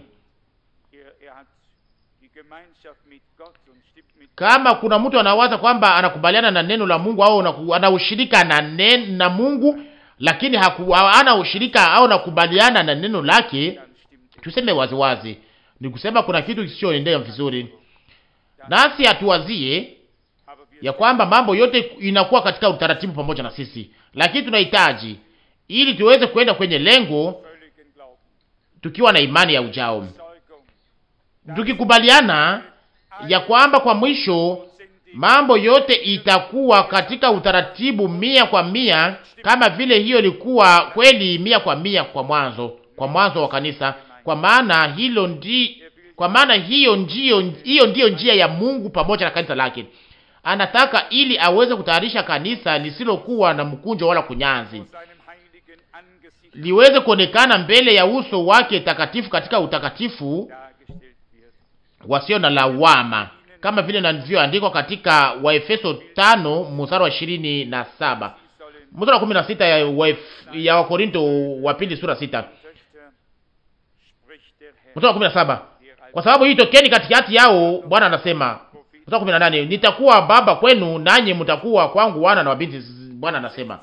Kama kuna mtu anawaza kwamba anakubaliana na neno la Mungu au ushirika na, na Mungu lakini hana ushirika au anakubaliana na neno lake, Tuseme waziwazi wazi. Ni kusema kuna kitu kisichoendea vizuri, nasi hatuwazie ya kwamba mambo yote inakuwa katika utaratibu pamoja na sisi, lakini tunahitaji ili tuweze kwenda kwenye lengo tukiwa na imani ya ujao, tukikubaliana ya kwamba kwa mwisho mambo yote itakuwa katika utaratibu mia kwa mia, kama vile hiyo ilikuwa kweli mia kwa mia kwa mwanzo, kwa mwanzo wa kanisa kwa maana hilo ndi, kwa maana hiyo ndiyo, hiyo ndiyo njia ya Mungu pamoja na kanisa lake. Anataka ili aweze kutayarisha kanisa lisilokuwa na mkunjo wala kunyanzi, liweze kuonekana mbele ya uso wake takatifu katika utakatifu wasio na lawama, kama vile navyoandikwa katika Waefeso 5 mstari wa 27 mstari wa 16 ya Wakorinto wa pili sura sita mstari wa saba kwa sababu hii tokeni katikati yao, Bwana anasema. Mstari wa 18, nitakuwa baba kwenu nanyi mtakuwa kwangu wana na wabinti, Bwana anasema.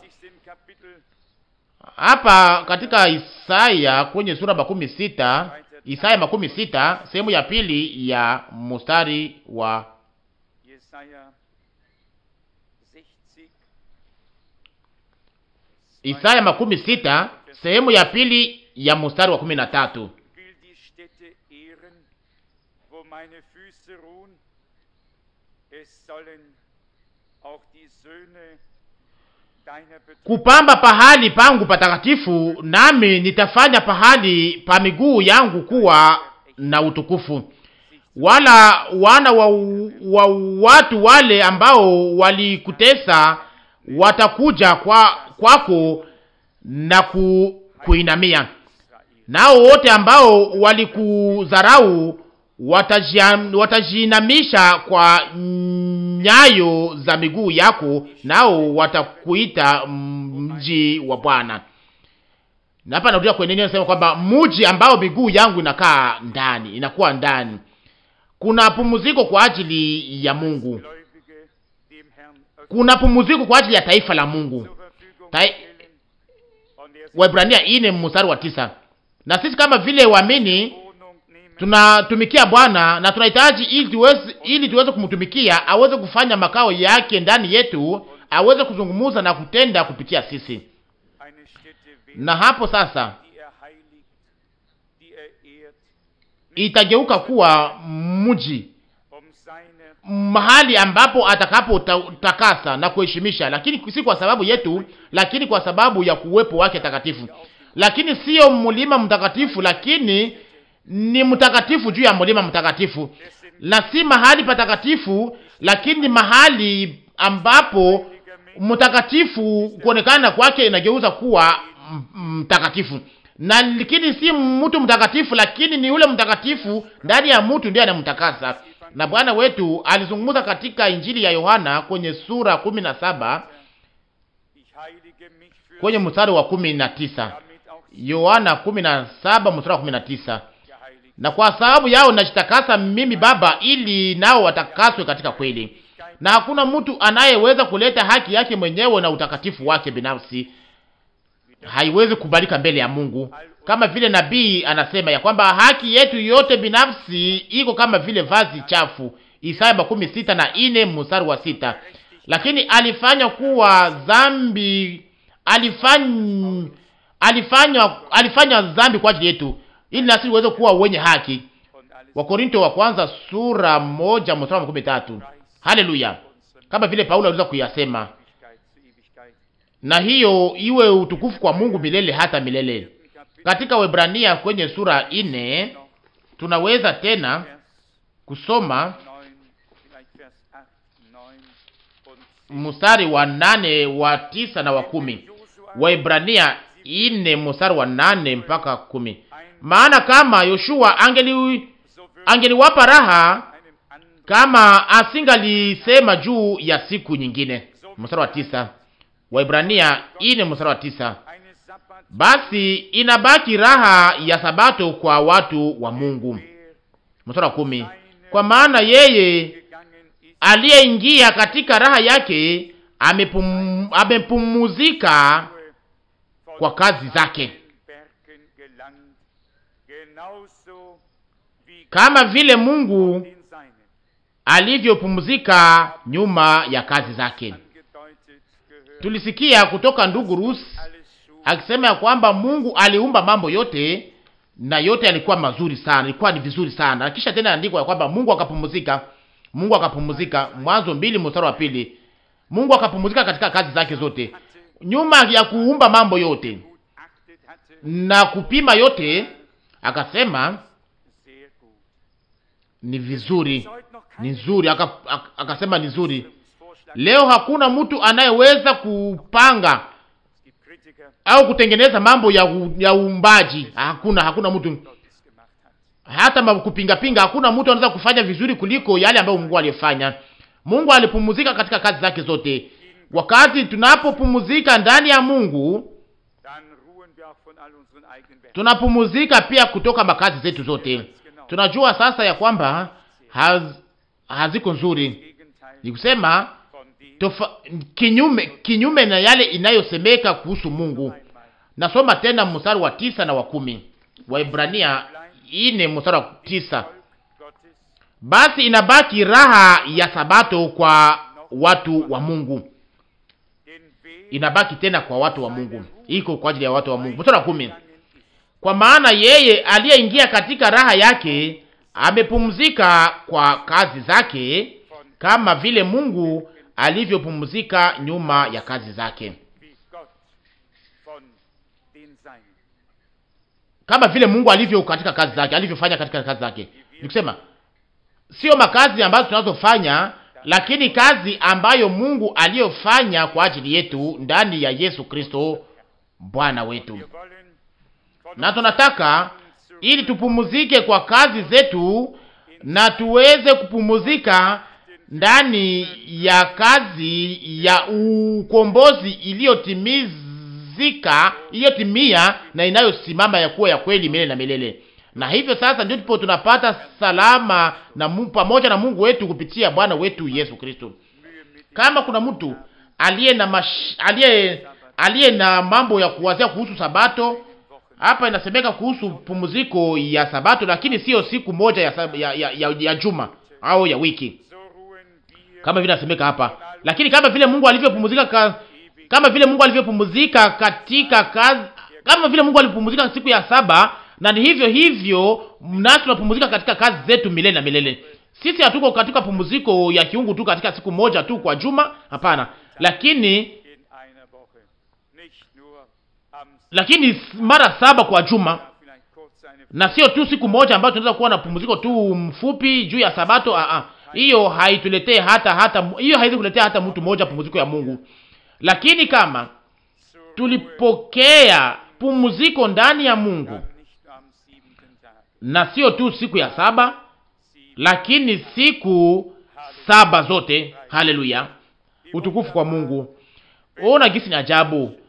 Hapa katika Isaya kwenye sura makumi sita Isaya makumi sita sehemu ya pili ya mstari wa Isaya makumi sita sehemu ya pili ya mstari wa kumi na tatu meine Füße ruhen. kupamba pahali pangu patakatifu, nami nitafanya pahali pa miguu yangu kuwa na utukufu. Wala wana wa, wa watu wale ambao walikutesa watakuja kwa, kwako na ku, kuinamia, nao wote ambao walikudharau watajinamisha kwa nyayo za miguu yako, nao watakuita mji wa Bwana. Na hapa narudia kwenye neno, nasema kwamba mji ambao miguu yangu inakaa ndani, inakuwa ndani. Kuna pumuziko kwa ajili ya Mungu, kuna pumziko kwa ajili ya taifa la Mungu Ta... Waebrania ine mstari wa tisa. Na sisi kama vile waamini tunatumikia Bwana na tunahitaji ili tuweze, ili tuweze kumtumikia aweze kufanya makao yake ndani yetu, aweze kuzungumuza na kutenda kupitia sisi. Na hapo sasa itageuka kuwa mji mahali ambapo atakapotakasa na kuheshimisha, lakini si kwa sababu yetu, lakini kwa sababu ya kuwepo wake takatifu, lakini sio mlima mtakatifu, lakini ni mtakatifu juu ya mlima mtakatifu, na si mahali patakatifu, lakini mahali ambapo mtakatifu kuonekana kwake inageuza kuwa mtakatifu na lakini si mtu mtakatifu, lakini ni yule mtakatifu ndani ya mtu ndiye anamtakasa. Na Bwana wetu alizungumza katika Injili ya Yohana kwenye sura kumi na saba kwenye mstari wa kumi na tisa Yohana kumi na saba mstari wa kumi na tisa na kwa sababu yao najitakasa mimi Baba, ili nao watakaswe katika kweli. Na hakuna mtu anayeweza kuleta haki yake mwenyewe na utakatifu wake binafsi, haiwezi kubalika mbele ya Mungu, kama vile nabii anasema ya kwamba haki yetu yote binafsi iko kama vile vazi chafu, Isaya makumi sita na ine mstari wa sita. Lakini alifanya kuwa dhambi, alifanya alifanya alifanya dhambi kwa ajili yetu ili nasi uweze kuwa wenye haki. Wakorinto wa kwanza sura moja mstari wa tatu. Haleluya! Kama vile Paulo aliweza kuyasema, na hiyo iwe utukufu kwa Mungu milele hata milele. Katika Waebrania kwenye sura ine tunaweza tena kusoma mstari wa nane wa tisa na wa kumi. Waebrania ine mstari wa nane mpaka kumi. Maana kama Yoshua angeli angeliwapa raha kama asingalisema juu ya siku nyingine. Mstari wa tisa Waibrania ine mstari wa tisa. Basi inabaki raha ya sabato kwa watu wa Mungu. Mstari wa kumi kwa maana yeye aliyeingia katika raha yake amepumuzika kwa kazi zake. kama vile Mungu alivyopumzika nyuma ya kazi zake. Tulisikia kutoka ndugu Rus akisema ya kwamba Mungu aliumba mambo yote na yote yalikuwa mazuri sana, ilikuwa ni vizuri sana. Kisha tena andiko ya kwamba Mungu akapumzika, Mungu akapumzika, Mwanzo mbili mstari wa pili. Mungu akapumzika katika kazi zake zote, nyuma ya kuumba mambo yote na kupima yote, akasema ni vizuri, ni nzuri, akasema ni nzuri. Leo hakuna mtu anayeweza kupanga au kutengeneza mambo ya, u, ya uumbaji. Hakuna, hakuna mtu hata kupingapinga. Hakuna mtu anaweza kufanya vizuri kuliko yale ambayo Mungu alifanya Mungu alipumzika katika kazi zake zote. Wakati tunapopumzika ndani ya Mungu, tunapumuzika pia kutoka makazi zetu zote tunajua sasa ya kwamba haz, haziko nzuri, ni kusema tofa, kinyume, kinyume na yale inayosemeka kuhusu Mungu. Nasoma tena mstari wa tisa na wa kumi wa ibrania ine mstari wa tisa. Basi inabaki raha ya sabato kwa watu wa Mungu, inabaki tena kwa watu wa Mungu, iko kwa ajili ya watu wa Mungu. Mstari wa kumi kwa maana yeye aliyeingia katika raha yake amepumzika kwa kazi zake kama vile Mungu alivyopumzika nyuma ya kazi zake, kama vile Mungu alivyo katika kazi zake, alivyofanya katika kazi zake. Nikusema sio makazi ambazo tunazofanya, lakini kazi ambayo Mungu aliyofanya kwa ajili yetu ndani ya Yesu Kristo Bwana wetu na tunataka ili tupumuzike kwa kazi zetu na tuweze kupumuzika ndani ya kazi ya ukombozi iliyotimizika iliyotimia na inayosimama ya kuwa ya kweli milele na milele. Na hivyo sasa ndio tupo tunapata salama na pamoja na Mungu wetu kupitia Bwana wetu Yesu Kristo. Kama kuna mtu aliye na aliye aliye na mambo ya kuwazia kuhusu sabato hapa inasemeka kuhusu pumziko ya Sabato, lakini sio siku moja ya, ya, ya, ya, ya juma au ya wiki kama vile inasemeka hapa, lakini kama vile Mungu alivyopumzika ka, kama vile Mungu alivyopumzika katika kazi, kama vile Mungu alipumzika siku ya saba, na ni hivyo hivyo nasi tunapumzika katika kazi zetu milele na milele. Sisi hatuko katika pumziko ya kiungu tu katika siku moja tu kwa juma, hapana, lakini lakini mara saba kwa juma, na sio tu siku moja ambayo tunaweza kuwa na pumziko tu mfupi juu ya Sabato. Ah, ah. Hiyo haituletee hata hata hiyo haiwezi kuletea hata mtu mmoja pumziko ya Mungu, lakini kama tulipokea pumziko ndani ya Mungu na sio tu siku ya saba, lakini siku saba zote. Haleluya, utukufu kwa Mungu. Ona gisi ni ajabu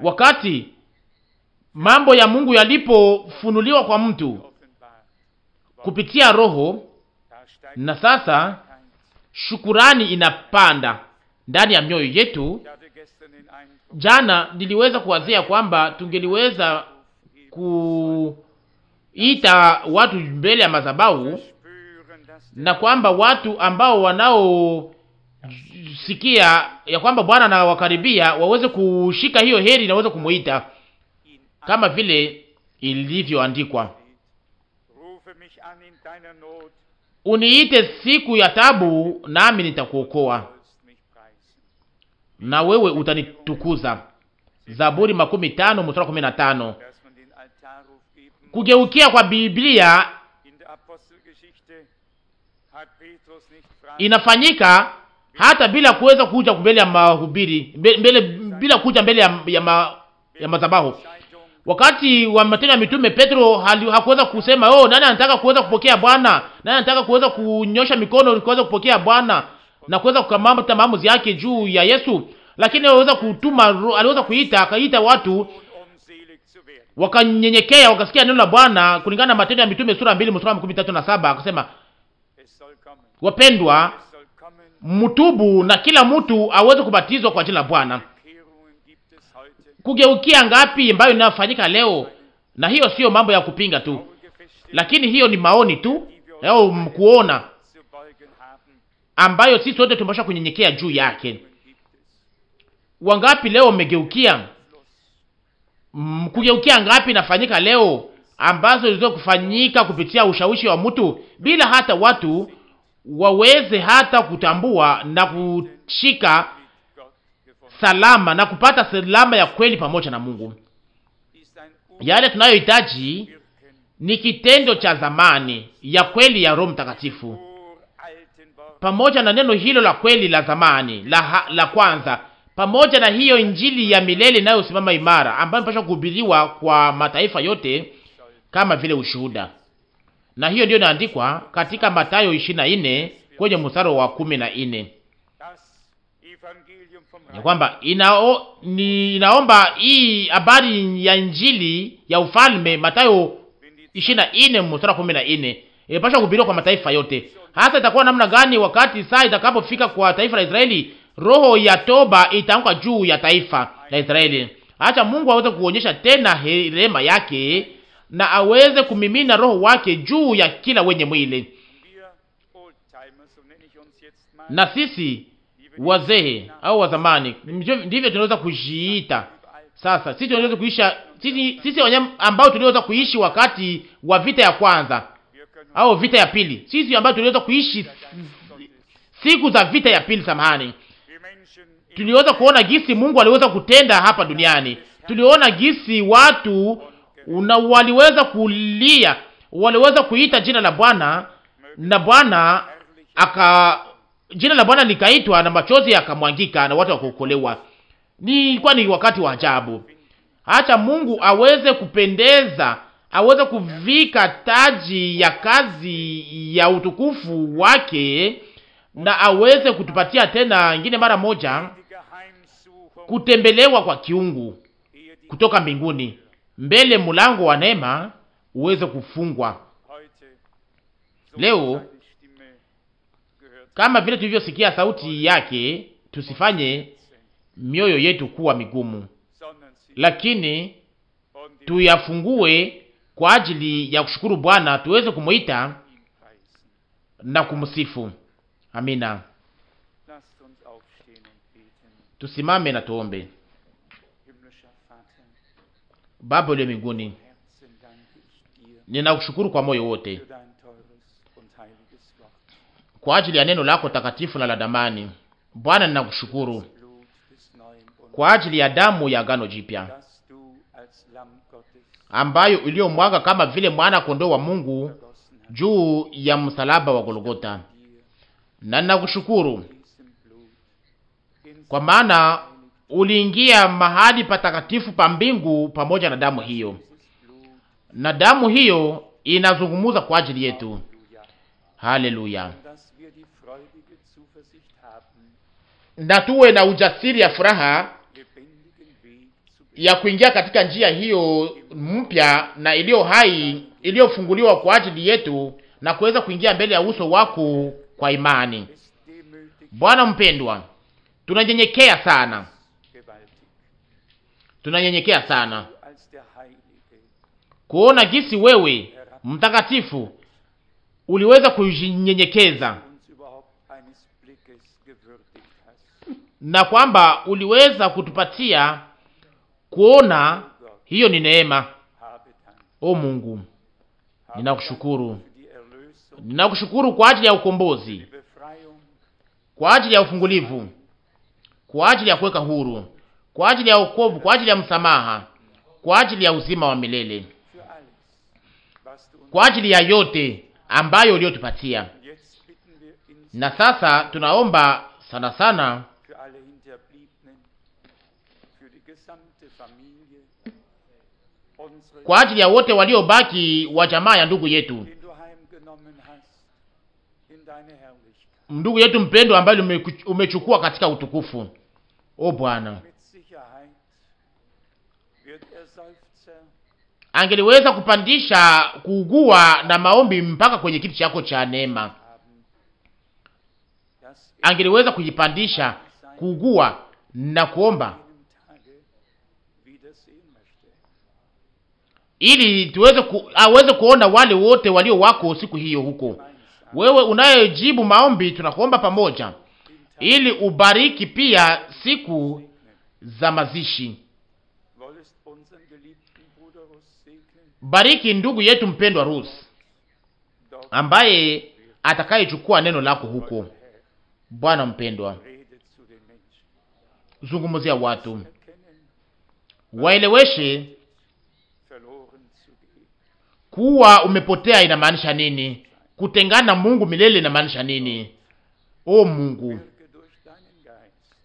Wakati mambo ya Mungu yalipofunuliwa kwa mtu kupitia Roho, na sasa shukurani inapanda ndani ya mioyo yetu. Jana niliweza kuwazia kwamba tungeliweza kuita watu mbele ya madhabahu na kwamba watu ambao wanao sikia ya kwamba Bwana anawakaribia waweze kushika hiyo heri na waweze kumuita kama vile ilivyoandikwa, uniite siku ya tabu, nami nitakuokoa na wewe utanitukuza. Zaburi makumi tano mstari kumi na tano. Kugeukia kwa Biblia inafanyika hata bila kuweza kuja mbele ya mahubiri mbele, bila kuja mbele ya, ya, ma, ya madhabahu. Wakati wa Matendo ya Mitume, Petro hakuweza kusema oh, nani anataka kuweza kupokea Bwana, nani anataka kuweza kunyosha mikono kuweza kupokea Bwana na kuweza kukamata maamuzi yake juu ya Yesu, lakini aliweza kutuma, aliweza kuita, akaita watu wakanyenyekea, wakasikia neno la Bwana kulingana na Matendo ya Mitume sura 2 mstari wa 13 na 7, akasema wapendwa mtubu na kila mtu aweze kubatizwa kwa jina la Bwana. Kugeukia ngapi ambayo inafanyika leo, na hiyo sio mambo ya kupinga tu, lakini hiyo ni maoni tu au mkuona ambayo sisi wote tumesha kunyenyekea juu yake. Wangapi leo wamegeukia? Kugeukia ngapi inafanyika leo ambazo zilizo kufanyika kupitia ushawishi wa mtu bila hata watu waweze hata kutambua na kushika salama na kupata salama ya kweli pamoja na Mungu. Yale tunayohitaji ni kitendo cha zamani ya kweli ya Roho Mtakatifu pamoja na neno hilo la kweli la zamani la, la kwanza pamoja na hiyo Injili ya milele inayosimama imara ambayo inapaswa kuhubiriwa kwa mataifa yote kama vile ushuhuda na hiyo ndio inaandikwa katika Mathayo 24 kwenye mstari wa kumi na nne ya kwamba inaomba hii habari ya Injili ya ufalme Mathayo 24 mstari wa 14 imepaswa e, kuhubiriwa kwa mataifa yote. Hasa itakuwa namna gani wakati saa itakapofika kwa taifa la Israeli? Roho ya toba itaanguka juu ya taifa la Israeli. Acha Mungu aweze kuonyesha tena rehema yake na aweze kumimina roho wake juu ya kila wenye mwili. Na sisi wazee au wazamani ndivyo tunaweza kujiita sasa. Sisi tunaweza kuisha sisi, sisi ambao tuliweza kuishi wakati wa vita ya kwanza au vita ya pili, sisi ambao tuliweza kuishi siku za vita ya pili, samahani, tuliweza kuona gisi Mungu aliweza kutenda hapa duniani. Tuliona gisi watu una waliweza kulia, waliweza kuita jina la Bwana na Bwana aka jina la Bwana likaitwa na machozi yakamwangika na watu wakaokolewa. Nilikuwa ni wakati wa ajabu. Acha Mungu aweze kupendeza, aweze kuvika taji ya kazi ya utukufu wake na aweze kutupatia tena ingine mara moja kutembelewa kwa kiungu kutoka mbinguni mbele mulango wa neema uweze kufungwa leo, kama vile tulivyosikia sauti yake. Tusifanye mioyo yetu kuwa migumu, lakini tuyafungue kwa ajili ya kushukuru Bwana, tuweze kumwita na kumsifu. Amina. Tusimame na tuombe. Baba uliye mbinguni, ninakushukuru kwa moyo wote kwa ajili ya neno lako takatifu na la damani. Bwana, ninakushukuru kwa ajili ya damu ya agano jipya ambayo iliyomwaga kama vile mwana kondoo wa Mungu juu ya msalaba wa Golgota, na ninakushukuru kwa maana uliingia mahali patakatifu pa mbingu pamoja na damu hiyo, na damu hiyo inazungumuza kwa ajili yetu. Haleluya! Na tuwe na ujasiri ya furaha ya kuingia katika njia hiyo mpya na iliyo hai iliyofunguliwa kwa ajili yetu na kuweza kuingia mbele ya uso wako kwa imani. Bwana mpendwa, tunanyenyekea sana tunanyenyekea sana kuona jinsi wewe mtakatifu uliweza kujinyenyekeza na kwamba uliweza kutupatia kuona hiyo ni neema. O Mungu, ninakushukuru, ninakushukuru kwa ajili ya ukombozi, kwa ajili ya ufungulivu, kwa ajili ya kuweka huru kwa ajili ya wokovu, kwa ajili ya msamaha, kwa ajili ya uzima wa milele, kwa ajili ya yote ambayo uliyotupatia. Na sasa tunaomba sana sana kwa ajili ya wote waliobaki wa jamaa ya ndugu yetu, ndugu yetu mpendwa, ambayo umechukua katika utukufu. O Bwana, angeliweza kupandisha kuugua na maombi mpaka kwenye kiti chako cha neema, angeliweza kujipandisha kuugua na kuomba ili tuweze ku, aweze ah, kuona wale wote walio wako siku hiyo huko. Wewe unayejibu maombi, tunakuomba pamoja, ili ubariki pia siku za mazishi. Bariki ndugu yetu mpendwa Rus ambaye atakayechukua neno lako huko. Bwana mpendwa, zungumzia watu waeleweshe kuwa umepotea inamaanisha nini, kutengana na Mungu milele inamaanisha nini? O Mungu,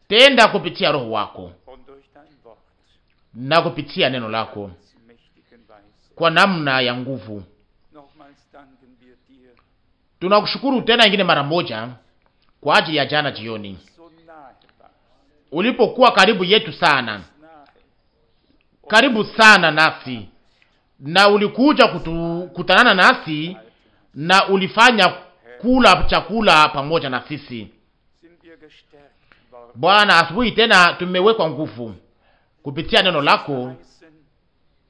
tenda kupitia Roho wako na kupitia neno lako kwa namna ya nguvu. Tunakushukuru tena ingine mara moja kwa ajili ya jana jioni ulipokuwa karibu yetu sana, karibu sana nasi, na ulikuja kutanana nasi na ulifanya kula chakula pamoja na sisi. Bwana, asubuhi tena tumewekwa nguvu kupitia neno lako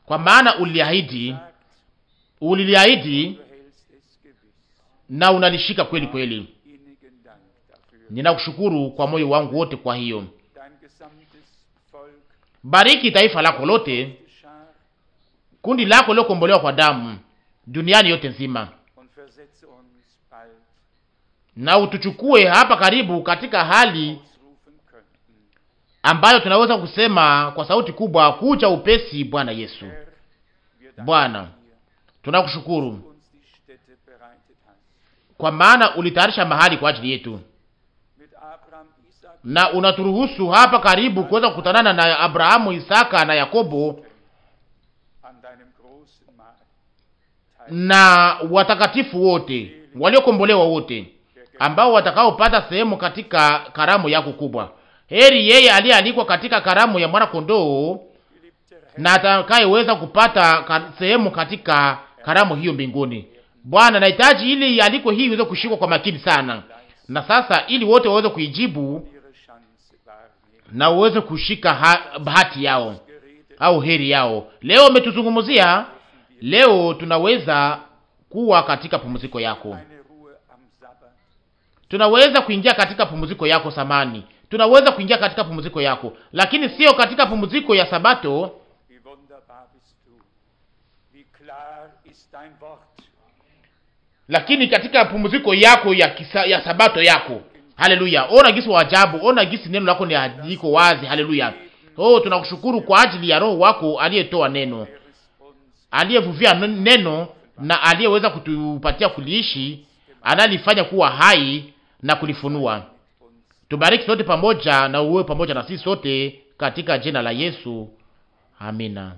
kwa maana uliahidi, uliliahidi na unalishika kweli kweli. Ninakushukuru kwa moyo wangu wote kwa hiyo. Bariki taifa lako lote, kundi lako lilokombolewa kwa damu duniani yote nzima, na utuchukue hapa karibu katika hali ambayo tunaweza kusema kwa sauti kubwa, kuja upesi Bwana Yesu. Bwana, tunakushukuru kwa maana ulitayarisha mahali kwa ajili yetu na unaturuhusu hapa karibu kuweza kukutanana na Abrahamu, Isaka na Yakobo na watakatifu wote waliokombolewa wote ambao watakaopata sehemu katika karamu yako kubwa. Heri yeye aliyealikwa katika karamu ya mwana kondoo na atakayeweza kupata sehemu katika karamu hiyo mbinguni. Bwana, nahitaji ili aliko hii iweze kushikwa kwa makini sana, na sasa ili wote waweze kuijibu na uweze kushika ha bahati yao au heri yao. Leo umetuzungumzia, leo tunaweza kuwa katika pumziko yako, tunaweza kuingia katika pumziko yako samani, tunaweza kuingia katika pumziko yako, lakini sio katika pumziko ya Sabato. Lakini katika pumziko yako ya, kisa, ya Sabato yako. Haleluya! Ona gisi wa ajabu, ona gisi neno lako ni liko wazi. Haleluya! Oh, tunakushukuru kwa ajili ya Roho wako aliyetoa neno, aliyevuvia neno na aliyeweza kutupatia kuliishi, analifanya kuwa hai na kulifunua Tubariki sote pamoja na uwe pamoja na sisi sote katika jina la Yesu. Amina.